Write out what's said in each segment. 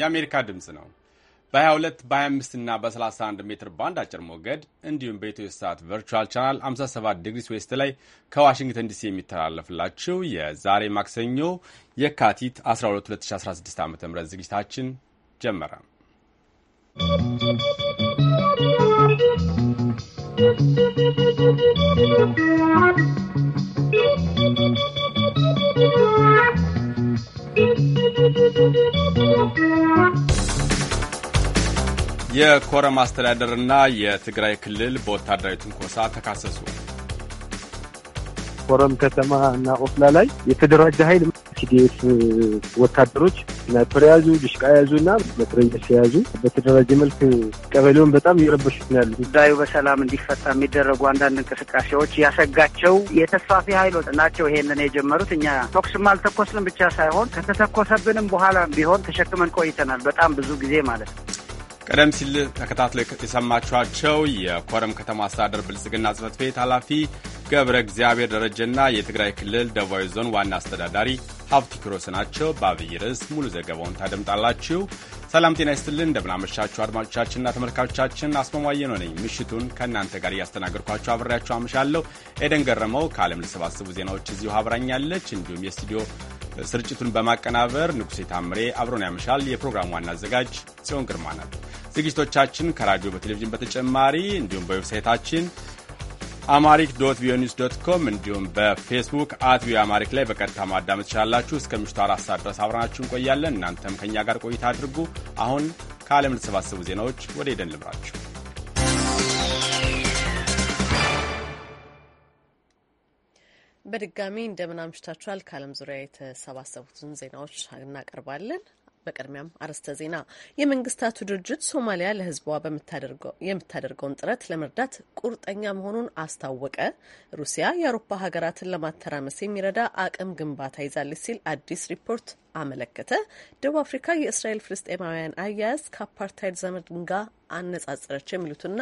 የአሜሪካ ድምፅ ነው። በ22 በ25 እና በ31 ሜትር ባንድ አጭር ሞገድ እንዲሁም በኢትዮ ሰዓት ቨርቹዋል ቻናል 57 ዲግሪስ ዌስት ላይ ከዋሽንግተን ዲሲ የሚተላለፍላችሁ የዛሬ ማክሰኞ የካቲት 12 2016 ዓ ም ዝግጅታችን ጀመረ። ¶¶ የኮረም አስተዳደርና የትግራይ ክልል በወታደራዊ ትንኮሳ ተካሰሱ። ኮረም ከተማ እና ቆፍላ ላይ የተደራጀ ኃይል የቲዲኤፍ ወታደሮች ስናይፐር የያዙ ድሽቃ የያዙ እና መትረየስ የያዙ በተደራጀ መልክ ቀበሌውን በጣም እየረበሹት ነው ያሉ። ጉዳዩ በሰላም እንዲፈታ የሚደረጉ አንዳንድ እንቅስቃሴዎች ያሰጋቸው የተስፋፊ ኃይሎች ናቸው። ይሄንን የጀመሩት እኛ ተኩስም አልተኮስንም ብቻ ሳይሆን ከተተኮሰብንም በኋላ ቢሆን ተሸክመን ቆይተናል። በጣም ብዙ ጊዜ ማለት ነው። ቀደም ሲል ተከታትለ የሰማችኋቸው የኮረም ከተማ አስተዳደር ብልጽግና ጽህፈት ቤት ኃላፊ ገብረ እግዚአብሔር ደረጀና የትግራይ ክልል ደቡባዊ ዞን ዋና አስተዳዳሪ ሀብቱ ኪሮስ ናቸው። በአብይ ርዕስ ሙሉ ዘገባውን ታደምጣላችሁ። ሰላም ጤና ይስጥልን። እንደምናመሻችሁ አድማጮቻችንና ተመልካቾቻችን፣ አስማማየ ነው ነኝ። ምሽቱን ከእናንተ ጋር እያስተናገድኳችሁ አብሬያችሁ አምሻለሁ። ኤደን ገረመው ከዓለም ልሰባስቡ ዜናዎች እዚሁ አብራኛለች። እንዲሁም የስቱዲዮ ስርጭቱን በማቀናበር ንጉሴ ታምሬ አብሮን ያመሻል። የፕሮግራሙ ዋና አዘጋጅ ጽዮን ግርማ ናት። ዝግጅቶቻችን ከራዲዮ በቴሌቪዥን በተጨማሪ እንዲሁም በዌብሳይታችን አማሪክ ዶት ቪኦኤ ዶት ኮም እንዲሁም በፌስቡክ አት ቪኦኤ አማሪክ ላይ በቀጥታ ማዳመጥ ትችላላችሁ። እስከ ምሽቱ አራት ሰዓት ድረስ አብረናችሁ እንቆያለን። እናንተም ከእኛ ጋር ቆይታ አድርጉ። አሁን ከዓለም ልተሰባሰቡ ዜናዎች ወደ ሄደን ልምራችሁ። በድጋሚ እንደምን አምሽታችኋል። ከዓለም ዙሪያ የተሰባሰቡትን ዜናዎች እናቀርባለን። በቅድሚያም አርዕስተ ዜና። የመንግስታቱ ድርጅት ሶማሊያ ለህዝቧ የምታደርገውን ጥረት ለመርዳት ቁርጠኛ መሆኑን አስታወቀ። ሩሲያ የአውሮፓ ሀገራትን ለማተራመስ የሚረዳ አቅም ግንባታ ይዛለች ሲል አዲስ ሪፖርት አመለከተ። ደቡብ አፍሪካ የእስራኤል ፍልስጤማውያን አያያዝ ከአፓርታይድ ዘመን ጋር አነጻጽረች የሚሉትና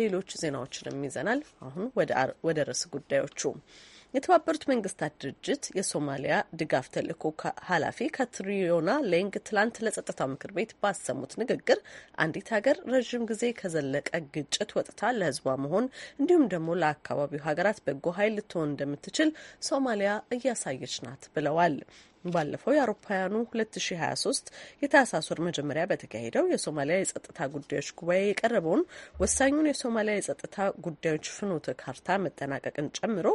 ሌሎች ዜናዎችንም ይዘናል። አሁን ወደ ርዕስ ጉዳዮቹ የተባበሩት መንግስታት ድርጅት የሶማሊያ ድጋፍ ተልእኮ ኃላፊ ካትሪዮና ሌንግ ትላንት ለጸጥታው ምክር ቤት ባሰሙት ንግግር አንዲት ሀገር ረዥም ጊዜ ከዘለቀ ግጭት ወጥታ ለህዝቧ መሆን እንዲሁም ደግሞ ለአካባቢው ሀገራት በጎ ኃይል ልትሆን እንደምትችል ሶማሊያ እያሳየች ናት ብለዋል። ባለፈው የአውሮፓውያኑ 2023 የታህሳስ ወር መጀመሪያ በተካሄደው የሶማሊያ የጸጥታ ጉዳዮች ጉባኤ የቀረበውን ወሳኙን የሶማሊያ የጸጥታ ጉዳዮች ፍኖተ ካርታ መጠናቀቅን ጨምሮ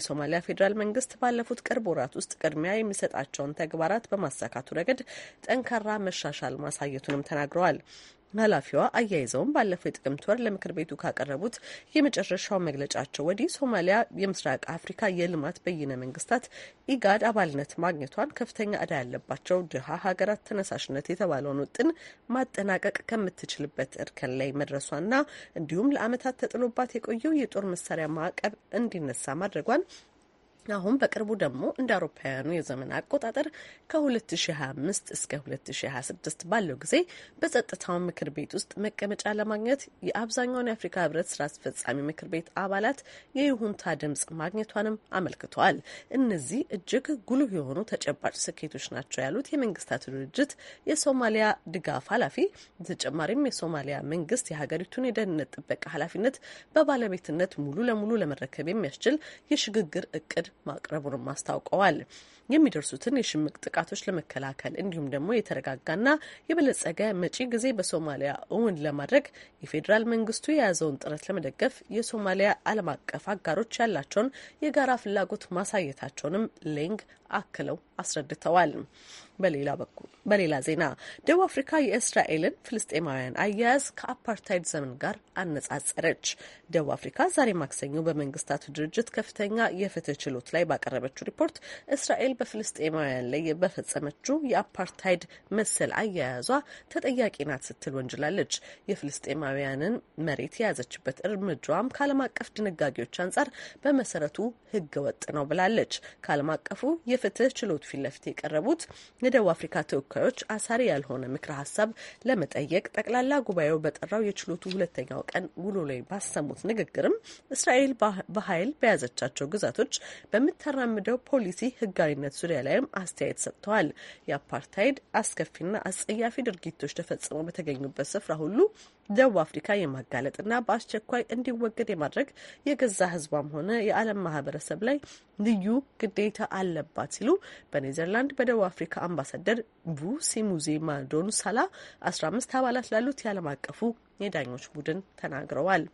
የሶማሊያ ፌዴራል መንግስት ባለፉት ቅርብ ወራት ውስጥ ቅድሚያ የሚሰጣቸውን ተግባራት በማሳካቱ ረገድ ጠንካራ መሻሻል ማሳየቱንም ተናግረዋል። ኃላፊዋ አያይዘውም ባለፈው የጥቅምት ወር ለምክር ቤቱ ካቀረቡት የመጨረሻው መግለጫቸው ወዲህ ሶማሊያ የምስራቅ አፍሪካ የልማት በይነ መንግስታት ኢጋድ አባልነት ማግኘቷን ከፍተኛ እዳ ያለባቸው ድሀ ሀገራት ተነሳሽነት የተባለውን ውጥን ማጠናቀቅ ከምትችልበት እርከን ላይ መድረሷና እንዲሁም ለአመታት ተጥሎባት የቆየው የጦር መሳሪያ ማዕቀብ እንዲነሳ ማድረጓን አሁን በቅርቡ ደግሞ እንደ አውሮፓውያኑ የዘመን አቆጣጠር ከ2025 እስከ 2026 ባለው ጊዜ በጸጥታው ምክር ቤት ውስጥ መቀመጫ ለማግኘት የአብዛኛውን የአፍሪካ ህብረት ስራ አስፈጻሚ ምክር ቤት አባላት የይሁንታ ድምጽ ማግኘቷንም አመልክተዋል። እነዚህ እጅግ ጉልህ የሆኑ ተጨባጭ ስኬቶች ናቸው ያሉት የመንግስታቱ ድርጅት የሶማሊያ ድጋፍ ኃላፊ፣ በተጨማሪም የሶማሊያ መንግስት የሀገሪቱን የደህንነት ጥበቃ ኃላፊነት በባለቤትነት ሙሉ ለሙሉ ለመረከብ የሚያስችል የሽግግር እቅድ ማቅረቡንም አስታውቀዋል። የሚደርሱትን የሽምቅ ጥቃቶች ለመከላከል እንዲሁም ደግሞ የተረጋጋና የበለጸገ መጪ ጊዜ በሶማሊያ እውን ለማድረግ የፌዴራል መንግስቱ የያዘውን ጥረት ለመደገፍ የሶማሊያ ዓለም አቀፍ አጋሮች ያላቸውን የጋራ ፍላጎት ማሳየታቸውንም ሌንግ አክለው አስረድተዋል። በሌላ ዜና ደቡብ አፍሪካ የእስራኤልን ፍልስጤማውያን አያያዝ ከአፓርታይድ ዘመን ጋር አነጻጸረች። ደቡብ አፍሪካ ዛሬ ማክሰኞ በመንግስታቱ ድርጅት ከፍተኛ የፍትህ ችሎት ላይ ባቀረበችው ሪፖርት እስራኤል በፍልስጤማውያን ላይ በፈጸመችው የአፓርታይድ መሰል አያያዟ ተጠያቂ ናት ስትል ወንጅላለች። የፍልስጤማውያንን መሬት የያዘችበት እርምጃዋም ከዓለም አቀፍ ድንጋጌዎች አንጻር በመሰረቱ ህገ ወጥ ነው ብላለች። ከዓለም አቀፉ የፍትህ ችሎት ፊት ለፊት የቀረቡት የደቡብ አፍሪካ ተወካዮች አሳሪ ያልሆነ ምክረ ሀሳብ ለመጠየቅ ጠቅላላ ጉባኤው በጠራው የችሎቱ ሁለተኛው ቀን ውሎ ላይ ባሰሙት ንግግርም እስራኤል በኃይል በያዘቻቸው ግዛቶች በምታራምደው ፖሊሲ ህጋዊነት ማንነት ዙሪያ ላይም አስተያየት ሰጥተዋል። የአፓርታይድ አስከፊና አስጸያፊ ድርጊቶች ተፈጽመው በተገኙበት ስፍራ ሁሉ ደቡብ አፍሪካ የማጋለጥና በአስቸኳይ እንዲወገድ የማድረግ የገዛ ሕዝቧም ሆነ የዓለም ማህበረሰብ ላይ ልዩ ግዴታ አለባት ሲሉ በኔዘርላንድ በደቡብ አፍሪካ አምባሳደር ቡሲሙዚ ሳላ አስራ አምስት አባላት ላሉት የዓለም አቀፉ የዳኞች ቡድን ተናግረዋል።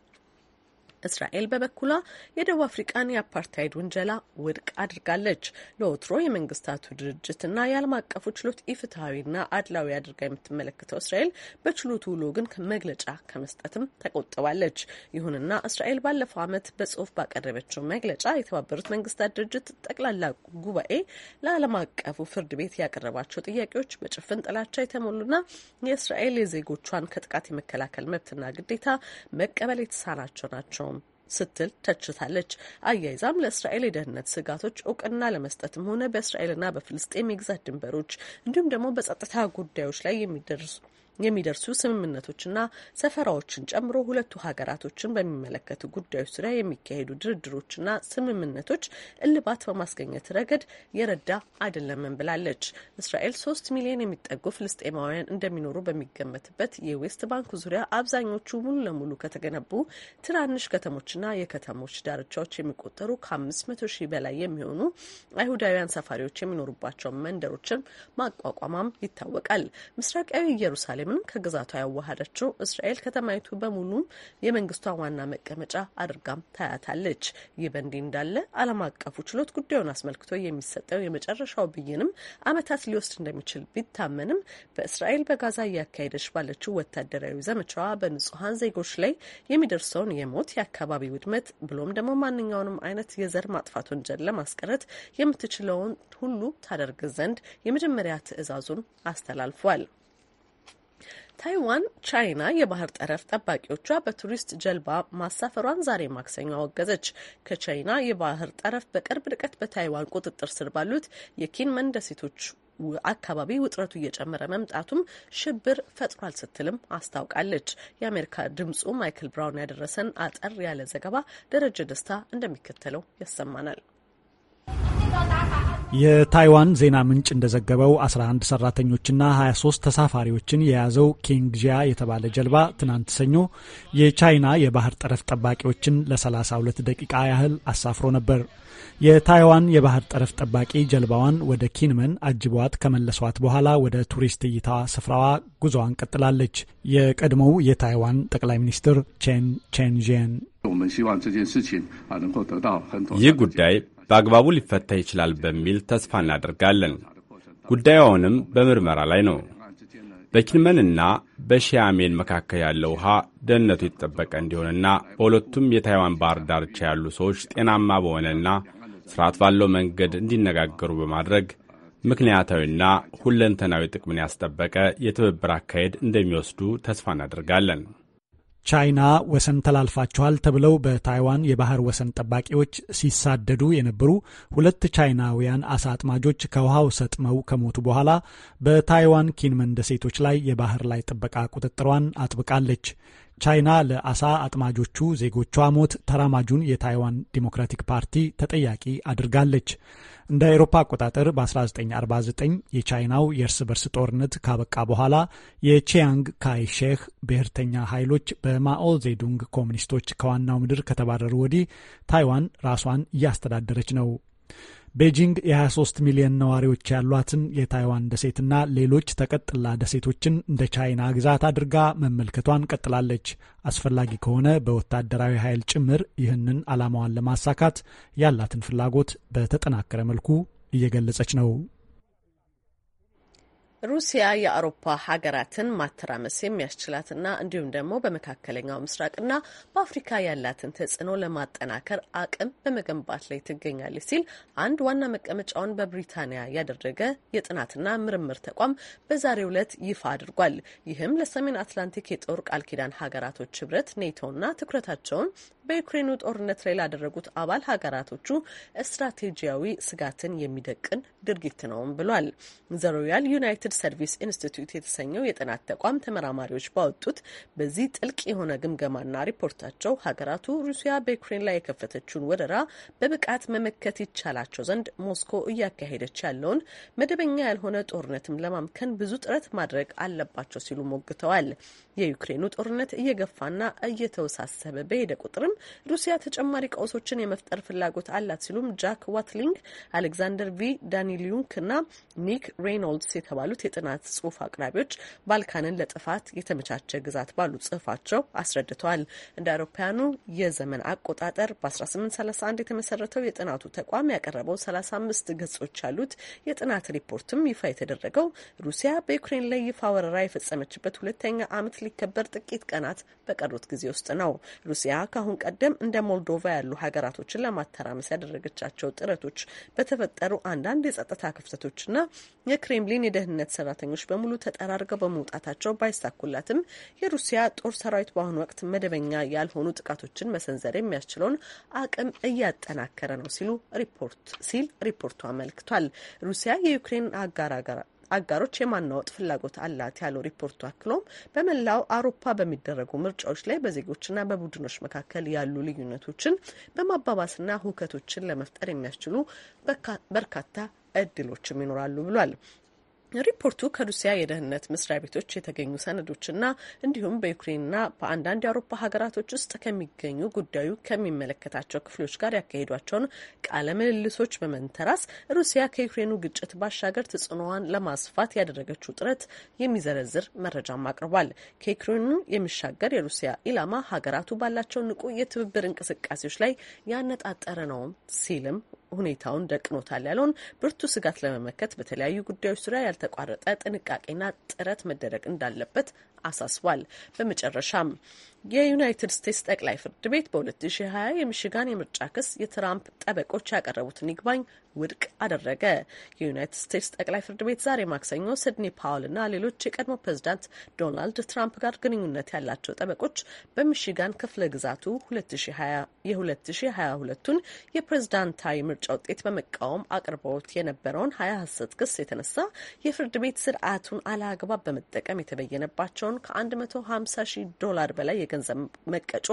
እስራኤል በበኩሏ የደቡብ አፍሪቃን የአፓርታይድ ውንጀላ ውድቅ አድርጋለች። ለወትሮ የመንግስታቱ ድርጅትና የዓለም አቀፉ ችሎት ኢፍትሐዊና አድላዊ አድርጋ የምትመለከተው እስራኤል በችሎቱ ውሎ ግን መግለጫ ከመስጠትም ተቆጥባለች። ይሁንና እስራኤል ባለፈው ዓመት በጽሁፍ ባቀረበችው መግለጫ የተባበሩት መንግስታት ድርጅት ጠቅላላ ጉባኤ ለዓለም አቀፉ ፍርድ ቤት ያቀረባቸው ጥያቄዎች በጭፍን ጥላቻ የተሞሉና የእስራኤል የዜጎቿን ከጥቃት የመከላከል መብትና ግዴታ መቀበል የተሳናቸው ናቸው ስትል ተችታለች። አያይዛም ለእስራኤል የደህንነት ስጋቶች እውቅና ለመስጠትም ሆነ በእስራኤልና በፍልስጤም የግዛት ድንበሮች እንዲሁም ደግሞ በጸጥታ ጉዳዮች ላይ የሚደርሱ የሚደርሱ ስምምነቶችና ሰፈራዎችን ጨምሮ ሁለቱ ሀገራቶችን በሚመለከቱ ጉዳዮች ዙሪያ የሚካሄዱ ድርድሮችና ስምምነቶች እልባት በማስገኘት ረገድ የረዳ አይደለምን ብላለች። እስራኤል ሶስት ሚሊዮን የሚጠጉ ፍልስጤማውያን እንደሚኖሩ በሚገመትበት የዌስት ባንክ ዙሪያ አብዛኞቹ ሙሉ ለሙሉ ከተገነቡ ትናንሽ ከተሞችና የከተሞች ዳርቻዎች የሚቆጠሩ ከአምስት መቶ ሺህ በላይ የሚሆኑ አይሁዳውያን ሰፋሪዎች የሚኖሩባቸውን መንደሮችን ማቋቋማም ይታወቃል። ምስራቃዊ ኢየሩሳሌም ኢየሩሳሌምን ከግዛቷ ያዋሃደችው እስራኤል ከተማይቱ በሙሉ የመንግስቷ ዋና መቀመጫ አድርጋም ታያታለች። ይህ በእንዲህ እንዳለ ዓለም አቀፉ ችሎት ጉዳዩን አስመልክቶ የሚሰጠው የመጨረሻው ብይንም ዓመታት ሊወስድ እንደሚችል ቢታመንም በእስራኤል በጋዛ እያካሄደች ባለችው ወታደራዊ ዘመቻዋ በንጹሐን ዜጎች ላይ የሚደርሰውን የሞት የአካባቢ ውድመት ብሎም ደግሞ ማንኛውንም አይነት የዘር ማጥፋት ወንጀል ለማስቀረት የምትችለውን ሁሉ ታደርግ ዘንድ የመጀመሪያ ትዕዛዙን አስተላልፏል። ታይዋን ቻይና የባህር ጠረፍ ጠባቂዎቿ በቱሪስት ጀልባ ማሳፈሯን ዛሬ ማክሰኞ አወገዘች። ከቻይና የባህር ጠረፍ በቅርብ ርቀት በታይዋን ቁጥጥር ስር ባሉት የኪንመን ደሴቶች አካባቢ ውጥረቱ እየጨመረ መምጣቱም ሽብር ፈጥሯል ስትልም አስታውቃለች። የአሜሪካ ድምጹ ማይክል ብራውን ያደረሰን አጠር ያለ ዘገባ ደረጀ ደስታ እንደሚከተለው ያሰማናል። የታይዋን ዜና ምንጭ እንደዘገበው 11 ሰራተኞችና 23 ተሳፋሪዎችን የያዘው ኬንግዢያ የተባለ ጀልባ ትናንት ሰኞ የቻይና የባህር ጠረፍ ጠባቂዎችን ለ32 ደቂቃ ያህል አሳፍሮ ነበር። የታይዋን የባህር ጠረፍ ጠባቂ ጀልባዋን ወደ ኪንመን አጅቧት ከመለሷት በኋላ ወደ ቱሪስት እይታ ስፍራዋ ጉዞዋን ቀጥላለች። የቀድሞው የታይዋን ጠቅላይ ሚኒስትር ቼን ቼንዥን ይህ ጉዳይ በአግባቡ ሊፈታ ይችላል በሚል ተስፋ እናደርጋለን። ጉዳዩ አሁንም በምርመራ ላይ ነው። በኪንመንና በሺያሜን መካከል ያለው ውሃ ደህንነቱ የተጠበቀ እንዲሆንና በሁለቱም የታይዋን ባህር ዳርቻ ያሉ ሰዎች ጤናማ በሆነና ስርዓት ባለው መንገድ እንዲነጋገሩ በማድረግ ምክንያታዊና ሁለንተናዊ ጥቅምን ያስጠበቀ የትብብር አካሄድ እንደሚወስዱ ተስፋ እናደርጋለን። ቻይና ወሰን ተላልፋችኋል ተብለው በታይዋን የባህር ወሰን ጠባቂዎች ሲሳደዱ የነበሩ ሁለት ቻይናውያን አሳ አጥማጆች ከውሃው ሰጥመው ከሞቱ በኋላ በታይዋን ኪንመን ደሴቶች ላይ የባህር ላይ ጥበቃ ቁጥጥሯን አጥብቃለች። ቻይና ለአሳ አጥማጆቹ ዜጎቿ ሞት ተራማጁን የታይዋን ዲሞክራቲክ ፓርቲ ተጠያቂ አድርጋለች። እንደ አውሮፓ አቆጣጠር በ1949 የቻይናው የእርስ በርስ ጦርነት ካበቃ በኋላ የቺያንግ ካይ ሼህ ብሔርተኛ ኃይሎች በማኦ ዜዱንግ ኮሚኒስቶች ከዋናው ምድር ከተባረሩ ወዲህ ታይዋን ራሷን እያስተዳደረች ነው። ቤጂንግ የ23 ሚሊዮን ነዋሪዎች ያሏትን የታይዋን ደሴትና ሌሎች ተቀጥላ ደሴቶችን እንደ ቻይና ግዛት አድርጋ መመልከቷን ቀጥላለች። አስፈላጊ ከሆነ በወታደራዊ ኃይል ጭምር ይህንን ዓላማዋን ለማሳካት ያላትን ፍላጎት በተጠናከረ መልኩ እየገለጸች ነው። ሩሲያ የአውሮፓ ሀገራትን ማተራመስ የሚያስችላትና እንዲሁም ደግሞ በመካከለኛው ምስራቅና በአፍሪካ ያላትን ተጽዕኖ ለማጠናከር አቅም በመገንባት ላይ ትገኛለች ሲል አንድ ዋና መቀመጫውን በብሪታንያ ያደረገ የጥናትና ምርምር ተቋም በዛሬው ዕለት ይፋ አድርጓል። ይህም ለሰሜን አትላንቲክ የጦር ቃል ኪዳን ሀገራቶች ህብረት ኔቶና ትኩረታቸውን በዩክሬኑ ጦርነት ላይ ላደረጉት አባል ሀገራቶቹ ስትራቴጂያዊ ስጋትን የሚደቅን ድርጊት ነውም ብሏል። ዘሮያል ዩናይትድ ሰርቪስ ኢንስቲትዩት የተሰኘው የጥናት ተቋም ተመራማሪዎች ባወጡት በዚህ ጥልቅ የሆነ ግምገማና ሪፖርታቸው ሀገራቱ ሩሲያ በዩክሬን ላይ የከፈተችውን ወረራ በብቃት መመከት ይቻላቸው ዘንድ ሞስኮ እያካሄደች ያለውን መደበኛ ያልሆነ ጦርነትም ለማምከን ብዙ ጥረት ማድረግ አለባቸው ሲሉ ሞግተዋል። የዩክሬኑ ጦርነት እየገፋና እየተወሳሰበ በሄደ ቁጥርም ቢሆንም ሩሲያ ተጨማሪ ቀውሶችን የመፍጠር ፍላጎት አላት ሲሉም ጃክ ዋትሊንግ፣ አሌክዛንደር ቪ ዳኒሊዩንክ እና ኒክ ሬይኖልድስ የተባሉት የጥናት ጽሁፍ አቅራቢዎች ባልካንን ለጥፋት የተመቻቸ ግዛት ባሉ ጽሁፋቸው አስረድተዋል። እንደ አውሮፓውያኑ የዘመን አቆጣጠር በ1831 የተመሰረተው የጥናቱ ተቋም ያቀረበው 35 ገጾች ያሉት የጥናት ሪፖርትም ይፋ የተደረገው ሩሲያ በዩክሬን ላይ ይፋ ወረራ የፈጸመችበት ሁለተኛ ዓመት ሊከበር ጥቂት ቀናት በቀሩት ጊዜ ውስጥ ነው። ሩሲያ ከአሁን ቀደም እንደ ሞልዶቫ ያሉ ሀገራቶችን ለማተራመስ ያደረገቻቸው ጥረቶች በተፈጠሩ አንዳንድ የጸጥታ ክፍተቶችና የክሬምሊን የደህንነት ሰራተኞች በሙሉ ተጠራርገው በመውጣታቸው ባይሳኩላትም የሩሲያ ጦር ሰራዊት በአሁኑ ወቅት መደበኛ ያልሆኑ ጥቃቶችን መሰንዘር የሚያስችለውን አቅም እያጠናከረ ነው ሲሉ ሪፖርት ሲል ሪፖርቱ አመልክቷል። ሩሲያ የዩክሬን አጋር አጋሮች የማናወጥ ፍላጎት አላት ያለው ሪፖርቱ አክሎም በመላው አውሮፓ በሚደረጉ ምርጫዎች ላይ በዜጎችና በቡድኖች መካከል ያሉ ልዩነቶችን በማባባስና ሁከቶችን ለመፍጠር የሚያስችሉ በርካታ እድሎችም ይኖራሉ ብሏል። ሪፖርቱ ከሩሲያ የደህንነት መስሪያ ቤቶች የተገኙ ሰነዶችና እንዲሁም በዩክሬንና በአንዳንድ የአውሮፓ ሀገራቶች ውስጥ ከሚገኙ ጉዳዩ ከሚመለከታቸው ክፍሎች ጋር ያካሄዷቸውን ቃለ ምልልሶች በመንተራስ ሩሲያ ከዩክሬኑ ግጭት ባሻገር ተጽዕኖዋን ለማስፋት ያደረገችው ጥረት የሚዘረዝር መረጃም አቅርቧል። ከዩክሬኑ የሚሻገር የሩሲያ ኢላማ ሀገራቱ ባላቸው ንቁ የትብብር እንቅስቃሴዎች ላይ ያነጣጠረ ነውም ሲልም ሁኔታውን ደቅኖታል ያለውን ብርቱ ስጋት ለመመከት በተለያዩ ጉዳዮች ዙሪያ ያልተቋረጠ ጥንቃቄና ጥረት መደረግ እንዳለበት አሳስቧል። በመጨረሻም የዩናይትድ ስቴትስ ጠቅላይ ፍርድ ቤት በ2020 የሚሽጋን የምርጫ ክስ የትራምፕ ጠበቆች ያቀረቡትን ይግባኝ ውድቅ አደረገ። የዩናይትድ ስቴትስ ጠቅላይ ፍርድ ቤት ዛሬ ማክሰኞ ሲድኒ ፓውል ና ሌሎች የቀድሞ ፕሬዚዳንት ዶናልድ ትራምፕ ጋር ግንኙነት ያላቸው ጠበቆች በሚሽጋን ክፍለ ግዛቱ የ2022ቱን የፕሬዝዳንታዊ ምርጫ ውጤት በመቃወም አቅርበውት የነበረውን ሀያ ሀሰት ክስ የተነሳ የፍርድ ቤት ስርዓቱን አለአግባብ በመጠቀም የተበየነባቸውን ከ150 ሺህ ዶላር በላይ የገንዘብ መቀጮ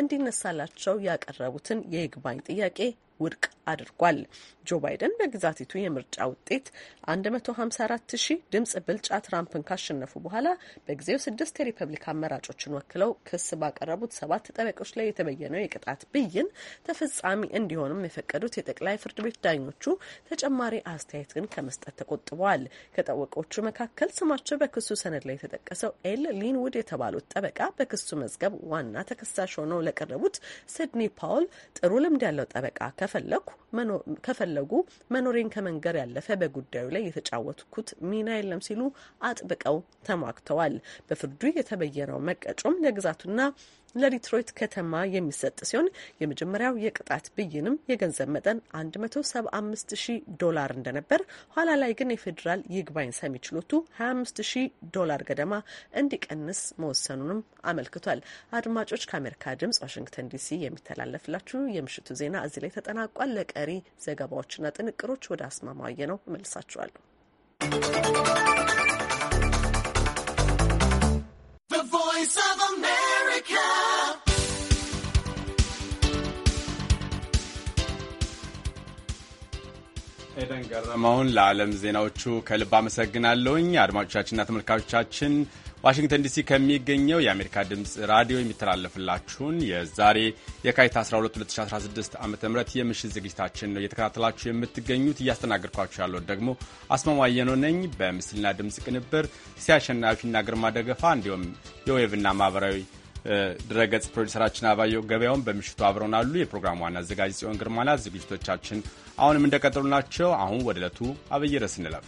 እንዲነሳላቸው ያቀረቡትን የይግባኝ ጥያቄ ውድቅ አድርጓል። ጆ ባይደን በግዛቲቱ የምርጫ ውጤት 154 ሺህ ድምጽ ብልጫ ትራምፕን ካሸነፉ በኋላ በጊዜው ስድስት የሪፐብሊክ አመራጮችን ወክለው ክስ ባቀረቡት ሰባት ጠበቆች ላይ የተበየነው የቅጣት ብይን ተፈጻሚ እንዲሆንም የፈቀዱት የጠቅላይ ፍርድ ቤት ዳኞቹ ተጨማሪ አስተያየት ግን ከመስጠት ተቆጥበዋል። ከጠበቆቹ መካከል ስማቸው በክሱ ሰነድ ላይ የተጠቀሰው ኤል ሊንውድ የተባሉት ጠበቃ በክሱ መዝገብ ዋና ተከሳሽ ሆነው ለቀረቡት ሲድኒ ፓውል ጥሩ ልምድ ያለው ጠበቃ ከፍ ከፈለኩ ከፈለጉ መኖሬን ከመንገር ያለፈ በጉዳዩ ላይ የተጫወትኩት ሚና የለም ሲሉ አጥብቀው ተሟግተዋል። በፍርዱ የተበየነው መቀጮም ለግዛቱና ለዲትሮይት ከተማ የሚሰጥ ሲሆን የመጀመሪያው የቅጣት ብይንም የገንዘብ መጠን 175 ዶላር እንደነበር፣ ኋላ ላይ ግን የፌዴራል ይግባኝ ሰሚ ችሎቱ 25 ዶላር ገደማ እንዲቀንስ መወሰኑንም አመልክቷል። አድማጮች፣ ከአሜሪካ ድምጽ ዋሽንግተን ዲሲ የሚተላለፍላችሁ የምሽቱ ዜና እዚህ ላይ ተጠናቋል። ለቀሪ ዘገባዎችና ጥንቅሮች ወደ አስማማየ ነው እመልሳችኋለሁ። ኤደን ገረመውን ለዓለም ዜናዎቹ ከልብ አመሰግናለሁኝ። አድማጮቻችንና ተመልካቾቻችን ዋሽንግተን ዲሲ ከሚገኘው የአሜሪካ ድምፅ ራዲዮ የሚተላለፍላችሁን የዛሬ የካቲት 12 2016 ዓ ም የምሽት ዝግጅታችን ነው እየተከታተላችሁ የምትገኙት። እያስተናገድኳችሁ ያለው ደግሞ አስማማየኖ ነኝ። በምስልና ድምፅ ቅንብር ሲያሸናፊና ግርማ ደገፋ እንዲሁም የዌብና ማህበራዊ ድረገጽ ፕሮዲሰራችን አባየው ገበያውን በምሽቱ አብረውናሉ። የፕሮግራሙ ዋና አዘጋጅ ጽዮን ግርማና ዝግጅቶቻችን አሁንም እንደቀጠሉ ናቸው። አሁን ወደ ዕለቱ አብይ ርዕስ እንለፍ።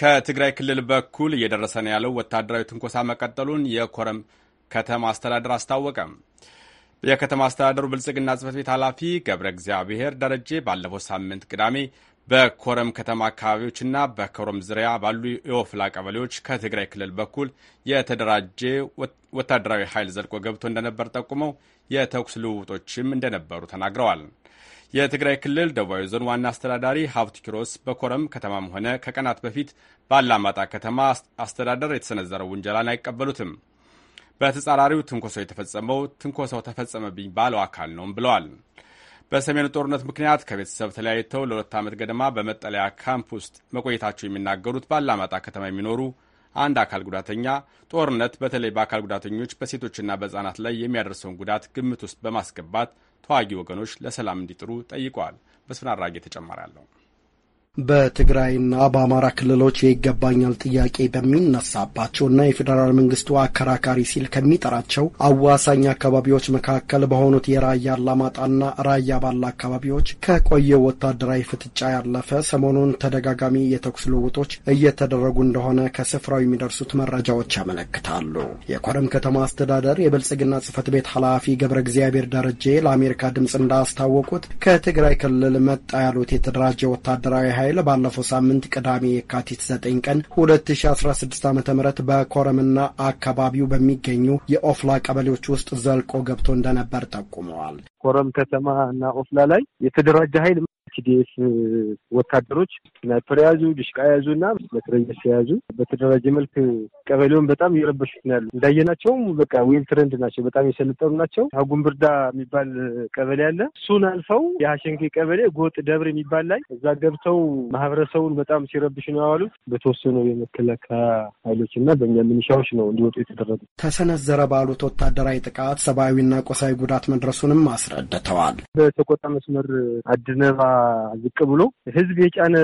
ከትግራይ ክልል በኩል እየደረሰ ነው ያለው ወታደራዊ ትንኮሳ መቀጠሉን የኮረም ከተማ አስተዳደር አስታወቀም። የከተማ አስተዳደሩ ብልጽግና ጽሕፈት ቤት ኃላፊ ገብረ እግዚአብሔር ደረጀ ባለፈው ሳምንት ቅዳሜ በኮረም ከተማ አካባቢዎችና በኮረም ዙሪያ ባሉ የወፍላ ቀበሌዎች ከትግራይ ክልል በኩል የተደራጀ ወታደራዊ ኃይል ዘልቆ ገብቶ እንደነበር ጠቁመው የተኩስ ልውውጦችም እንደነበሩ ተናግረዋል። የትግራይ ክልል ደቡባዊ ዞን ዋና አስተዳዳሪ ሀብት ኪሮስ በኮረም ከተማም ሆነ ከቀናት በፊት በአላማጣ ከተማ አስተዳደር የተሰነዘረው ውንጀላን አይቀበሉትም። በተጻራሪው ትንኮሳው የተፈጸመው ትንኮሳው ተፈጸመብኝ ባለው አካል ነውም ብለዋል። በሰሜኑ ጦርነት ምክንያት ከቤተሰብ ተለያይተው ለሁለት ዓመት ገደማ በመጠለያ ካምፕ ውስጥ መቆየታቸው የሚናገሩት በአላማጣ ከተማ የሚኖሩ አንድ አካል ጉዳተኛ ጦርነት በተለይ በአካል ጉዳተኞች በሴቶችና በሕፃናት ላይ የሚያደርሰውን ጉዳት ግምት ውስጥ በማስገባት ተዋጊ ወገኖች ለሰላም እንዲጥሩ ጠይቀዋል። በስፍና አራጌ ተጨማሪ አለው። በትግራይና በአማራ ክልሎች የይገባኛል ጥያቄ በሚነሳባቸውና የፌዴራል መንግስቱ አከራካሪ ሲል ከሚጠራቸው አዋሳኝ አካባቢዎች መካከል በሆኑት የራያ አላማጣና ራያ ባላ አካባቢዎች ከቆየ ወታደራዊ ፍጥጫ ያለፈ ሰሞኑን ተደጋጋሚ የተኩስ ልውጦች እየተደረጉ እንደሆነ ከስፍራው የሚደርሱት መረጃዎች ያመለክታሉ። የኮረም ከተማ አስተዳደር የብልጽግና ጽህፈት ቤት ኃላፊ ገብረ እግዚአብሔር ደረጄ ለአሜሪካ ድምፅ እንዳስታወቁት ከትግራይ ክልል መጣ ያሉት የተደራጀ ወታደራዊ ኃይል ባለፈው ሳምንት ቅዳሜ የካቲት 9 ቀን 2016 ዓ ም በኮረምና አካባቢው በሚገኙ የኦፍላ ቀበሌዎች ውስጥ ዘልቆ ገብቶ እንደነበር ጠቁመዋል። ኮረም ከተማ እና ኦፍላ ላይ የተደራጀ ኃይል የቲዲኤፍ ወታደሮች ስናይፐር የያዙ ድሽቃ የያዙ እና መትረየስ የያዙ በተደራጀ መልክ ቀበሌውን በጣም እየረበሹት ነው ያሉ። እንዳየናቸውም በቃ ዌል ትረንድ ናቸው፣ በጣም የሰለጠኑ ናቸው። አጉንብርዳ የሚባል ቀበሌ አለ። እሱን አልፈው የሀሸንኬ ቀበሌ ጎጥ ደብር የሚባል ላይ እዛ ገብተው ማህበረሰቡን በጣም ሲረብሽ ነው ያዋሉት። በተወሰኑ የመከላከያ ኃይሎች እና በእኛ ሚኒሻዎች ነው እንዲወጡ የተደረጉ። ተሰነዘረ ባሉት ወታደራዊ ጥቃት ሰብአዊና ቆሳዊ ጉዳት መድረሱንም አስረድተዋል። በተቆጣ መስመር አድነባ ዝቅ ብሎ ህዝብ የጫነ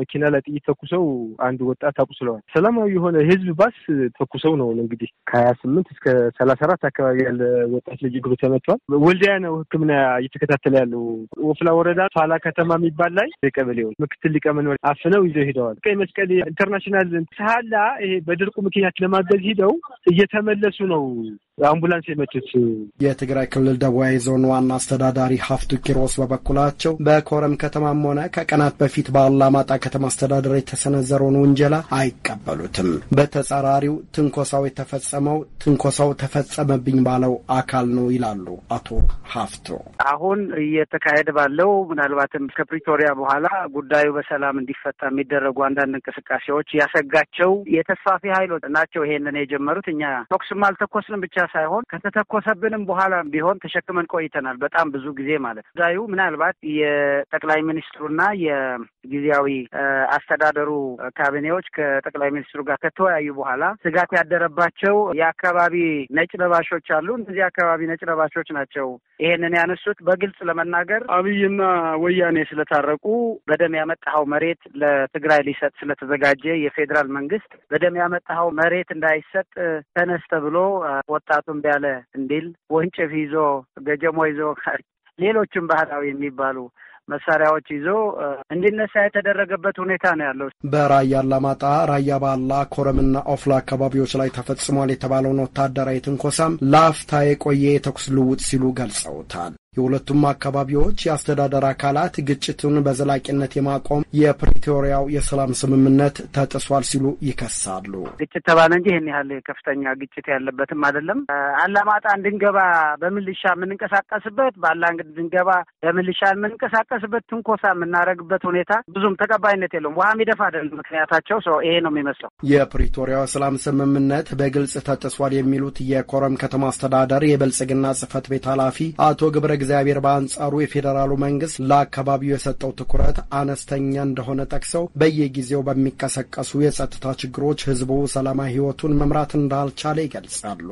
መኪና ላይ ጥይት ተኩሰው አንድ ወጣት አቁስለዋል። ሰላማዊ የሆነ ህዝብ ባስ ተኩሰው ነው እንግዲህ ከሀያ ስምንት እስከ ሰላሳ አራት አካባቢ ያለ ወጣት ልጅ እግሩ ተመቷል። ወልዲያ ነው ህክምና እየተከታተለ ያለው። ወፍላ ወረዳ ፋላ ከተማ የሚባል ላይ ቀበሌው ምክትል ሊቀመንበር አፍነው ይዘው ሄደዋል። ቀይ መስቀል ኢንተርናሽናል ሳላ ይሄ በድርቁ ምክንያት ለማገዝ ሂደው እየተመለሱ ነው። አምቡላንስ የመቱት። የትግራይ ክልል ደቡባዊ ዞን ዋና አስተዳዳሪ ሀፍቱ ኪሮስ በበኩላቸው በኮረም ከተማም ሆነ ከቀናት በፊት በአላማጣ ከተማ አስተዳደር የተሰነዘረውን ውንጀላ አይቀበሉትም። በተጻራሪው ትንኮሳው የተፈጸመው ትንኮሳው ተፈጸመብኝ ባለው አካል ነው ይላሉ አቶ ሀፍቶ። አሁን እየተካሄደ ባለው ምናልባትም ከፕሪቶሪያ በኋላ ጉዳዩ በሰላም እንዲፈታ የሚደረጉ አንዳንድ እንቅስቃሴዎች ያሰጋቸው የተስፋፊ ኃይሎች ናቸው። ይሄንን የጀመሩት እኛ ተኩስም አልተኮስንም ብቻ ሳይሆን ከተተኮሰብንም በኋላ ቢሆን ተሸክመን ቆይተናል። በጣም ብዙ ጊዜ ማለት ዛዩ ምናልባት የጠቅላይ ሚኒስትሩና ጊዜያዊ አስተዳደሩ ካቢኔዎች ከጠቅላይ ሚኒስትሩ ጋር ከተወያዩ በኋላ ስጋት ያደረባቸው የአካባቢ ነጭ ለባሾች አሉ። እነዚህ አካባቢ ነጭ ለባሾች ናቸው ይሄንን ያነሱት። በግልጽ ለመናገር አብይና ወያኔ ስለታረቁ በደም ያመጣኸው መሬት ለትግራይ ሊሰጥ ስለተዘጋጀ የፌዴራል መንግስት በደም ያመጣኸው መሬት እንዳይሰጥ ተነስ ተብሎ ወጣቱን ቢያለ እንዲል ወንጭፍ ይዞ ገጀሞ ይዞ ሌሎችም ባህላዊ የሚባሉ መሳሪያዎች ይዞ እንዲነሳ የተደረገበት ሁኔታ ነው ያለው። በራያ አላማጣ፣ ራያ ባላ፣ ኮረምና ኦፍላ አካባቢዎች ላይ ተፈጽሟል የተባለውን ወታደራዊ ትንኮሳም ለአፍታ የቆየ የተኩስ ልውውጥ ሲሉ ገልጸውታል። የሁለቱም አካባቢዎች የአስተዳደር አካላት ግጭቱን በዘላቂነት የማቆም የፕሪቶሪያው የሰላም ስምምነት ተጥሷል ሲሉ ይከሳሉ። ግጭት ተባለ እንጂ ይህን ያህል ከፍተኛ ግጭት ያለበትም አይደለም። አላማጣ እንድንገባ በምልሻ የምንንቀሳቀስበት ባላንግ እንድንገባ በምልሻ የምንንቀሳቀስበት ትንኮሳ የምናደርግበት ሁኔታ ብዙም ተቀባይነት የለውም። ውሃ የሚደፋ አይደለም ምክንያታቸው ሰው ይሄ ነው የሚመስለው። የፕሪቶሪያው የሰላም ስምምነት በግልጽ ተጥሷል የሚሉት የኮረም ከተማ አስተዳደር የብልጽግና ጽህፈት ቤት ኃላፊ አቶ ግብረ እግዚአብሔር በአንጻሩ የፌዴራሉ መንግስት ለአካባቢው የሰጠው ትኩረት አነስተኛ እንደሆነ ጠቅሰው በየጊዜው በሚቀሰቀሱ የጸጥታ ችግሮች ህዝቡ ሰላማዊ ህይወቱን መምራት እንዳልቻለ ይገልጻሉ።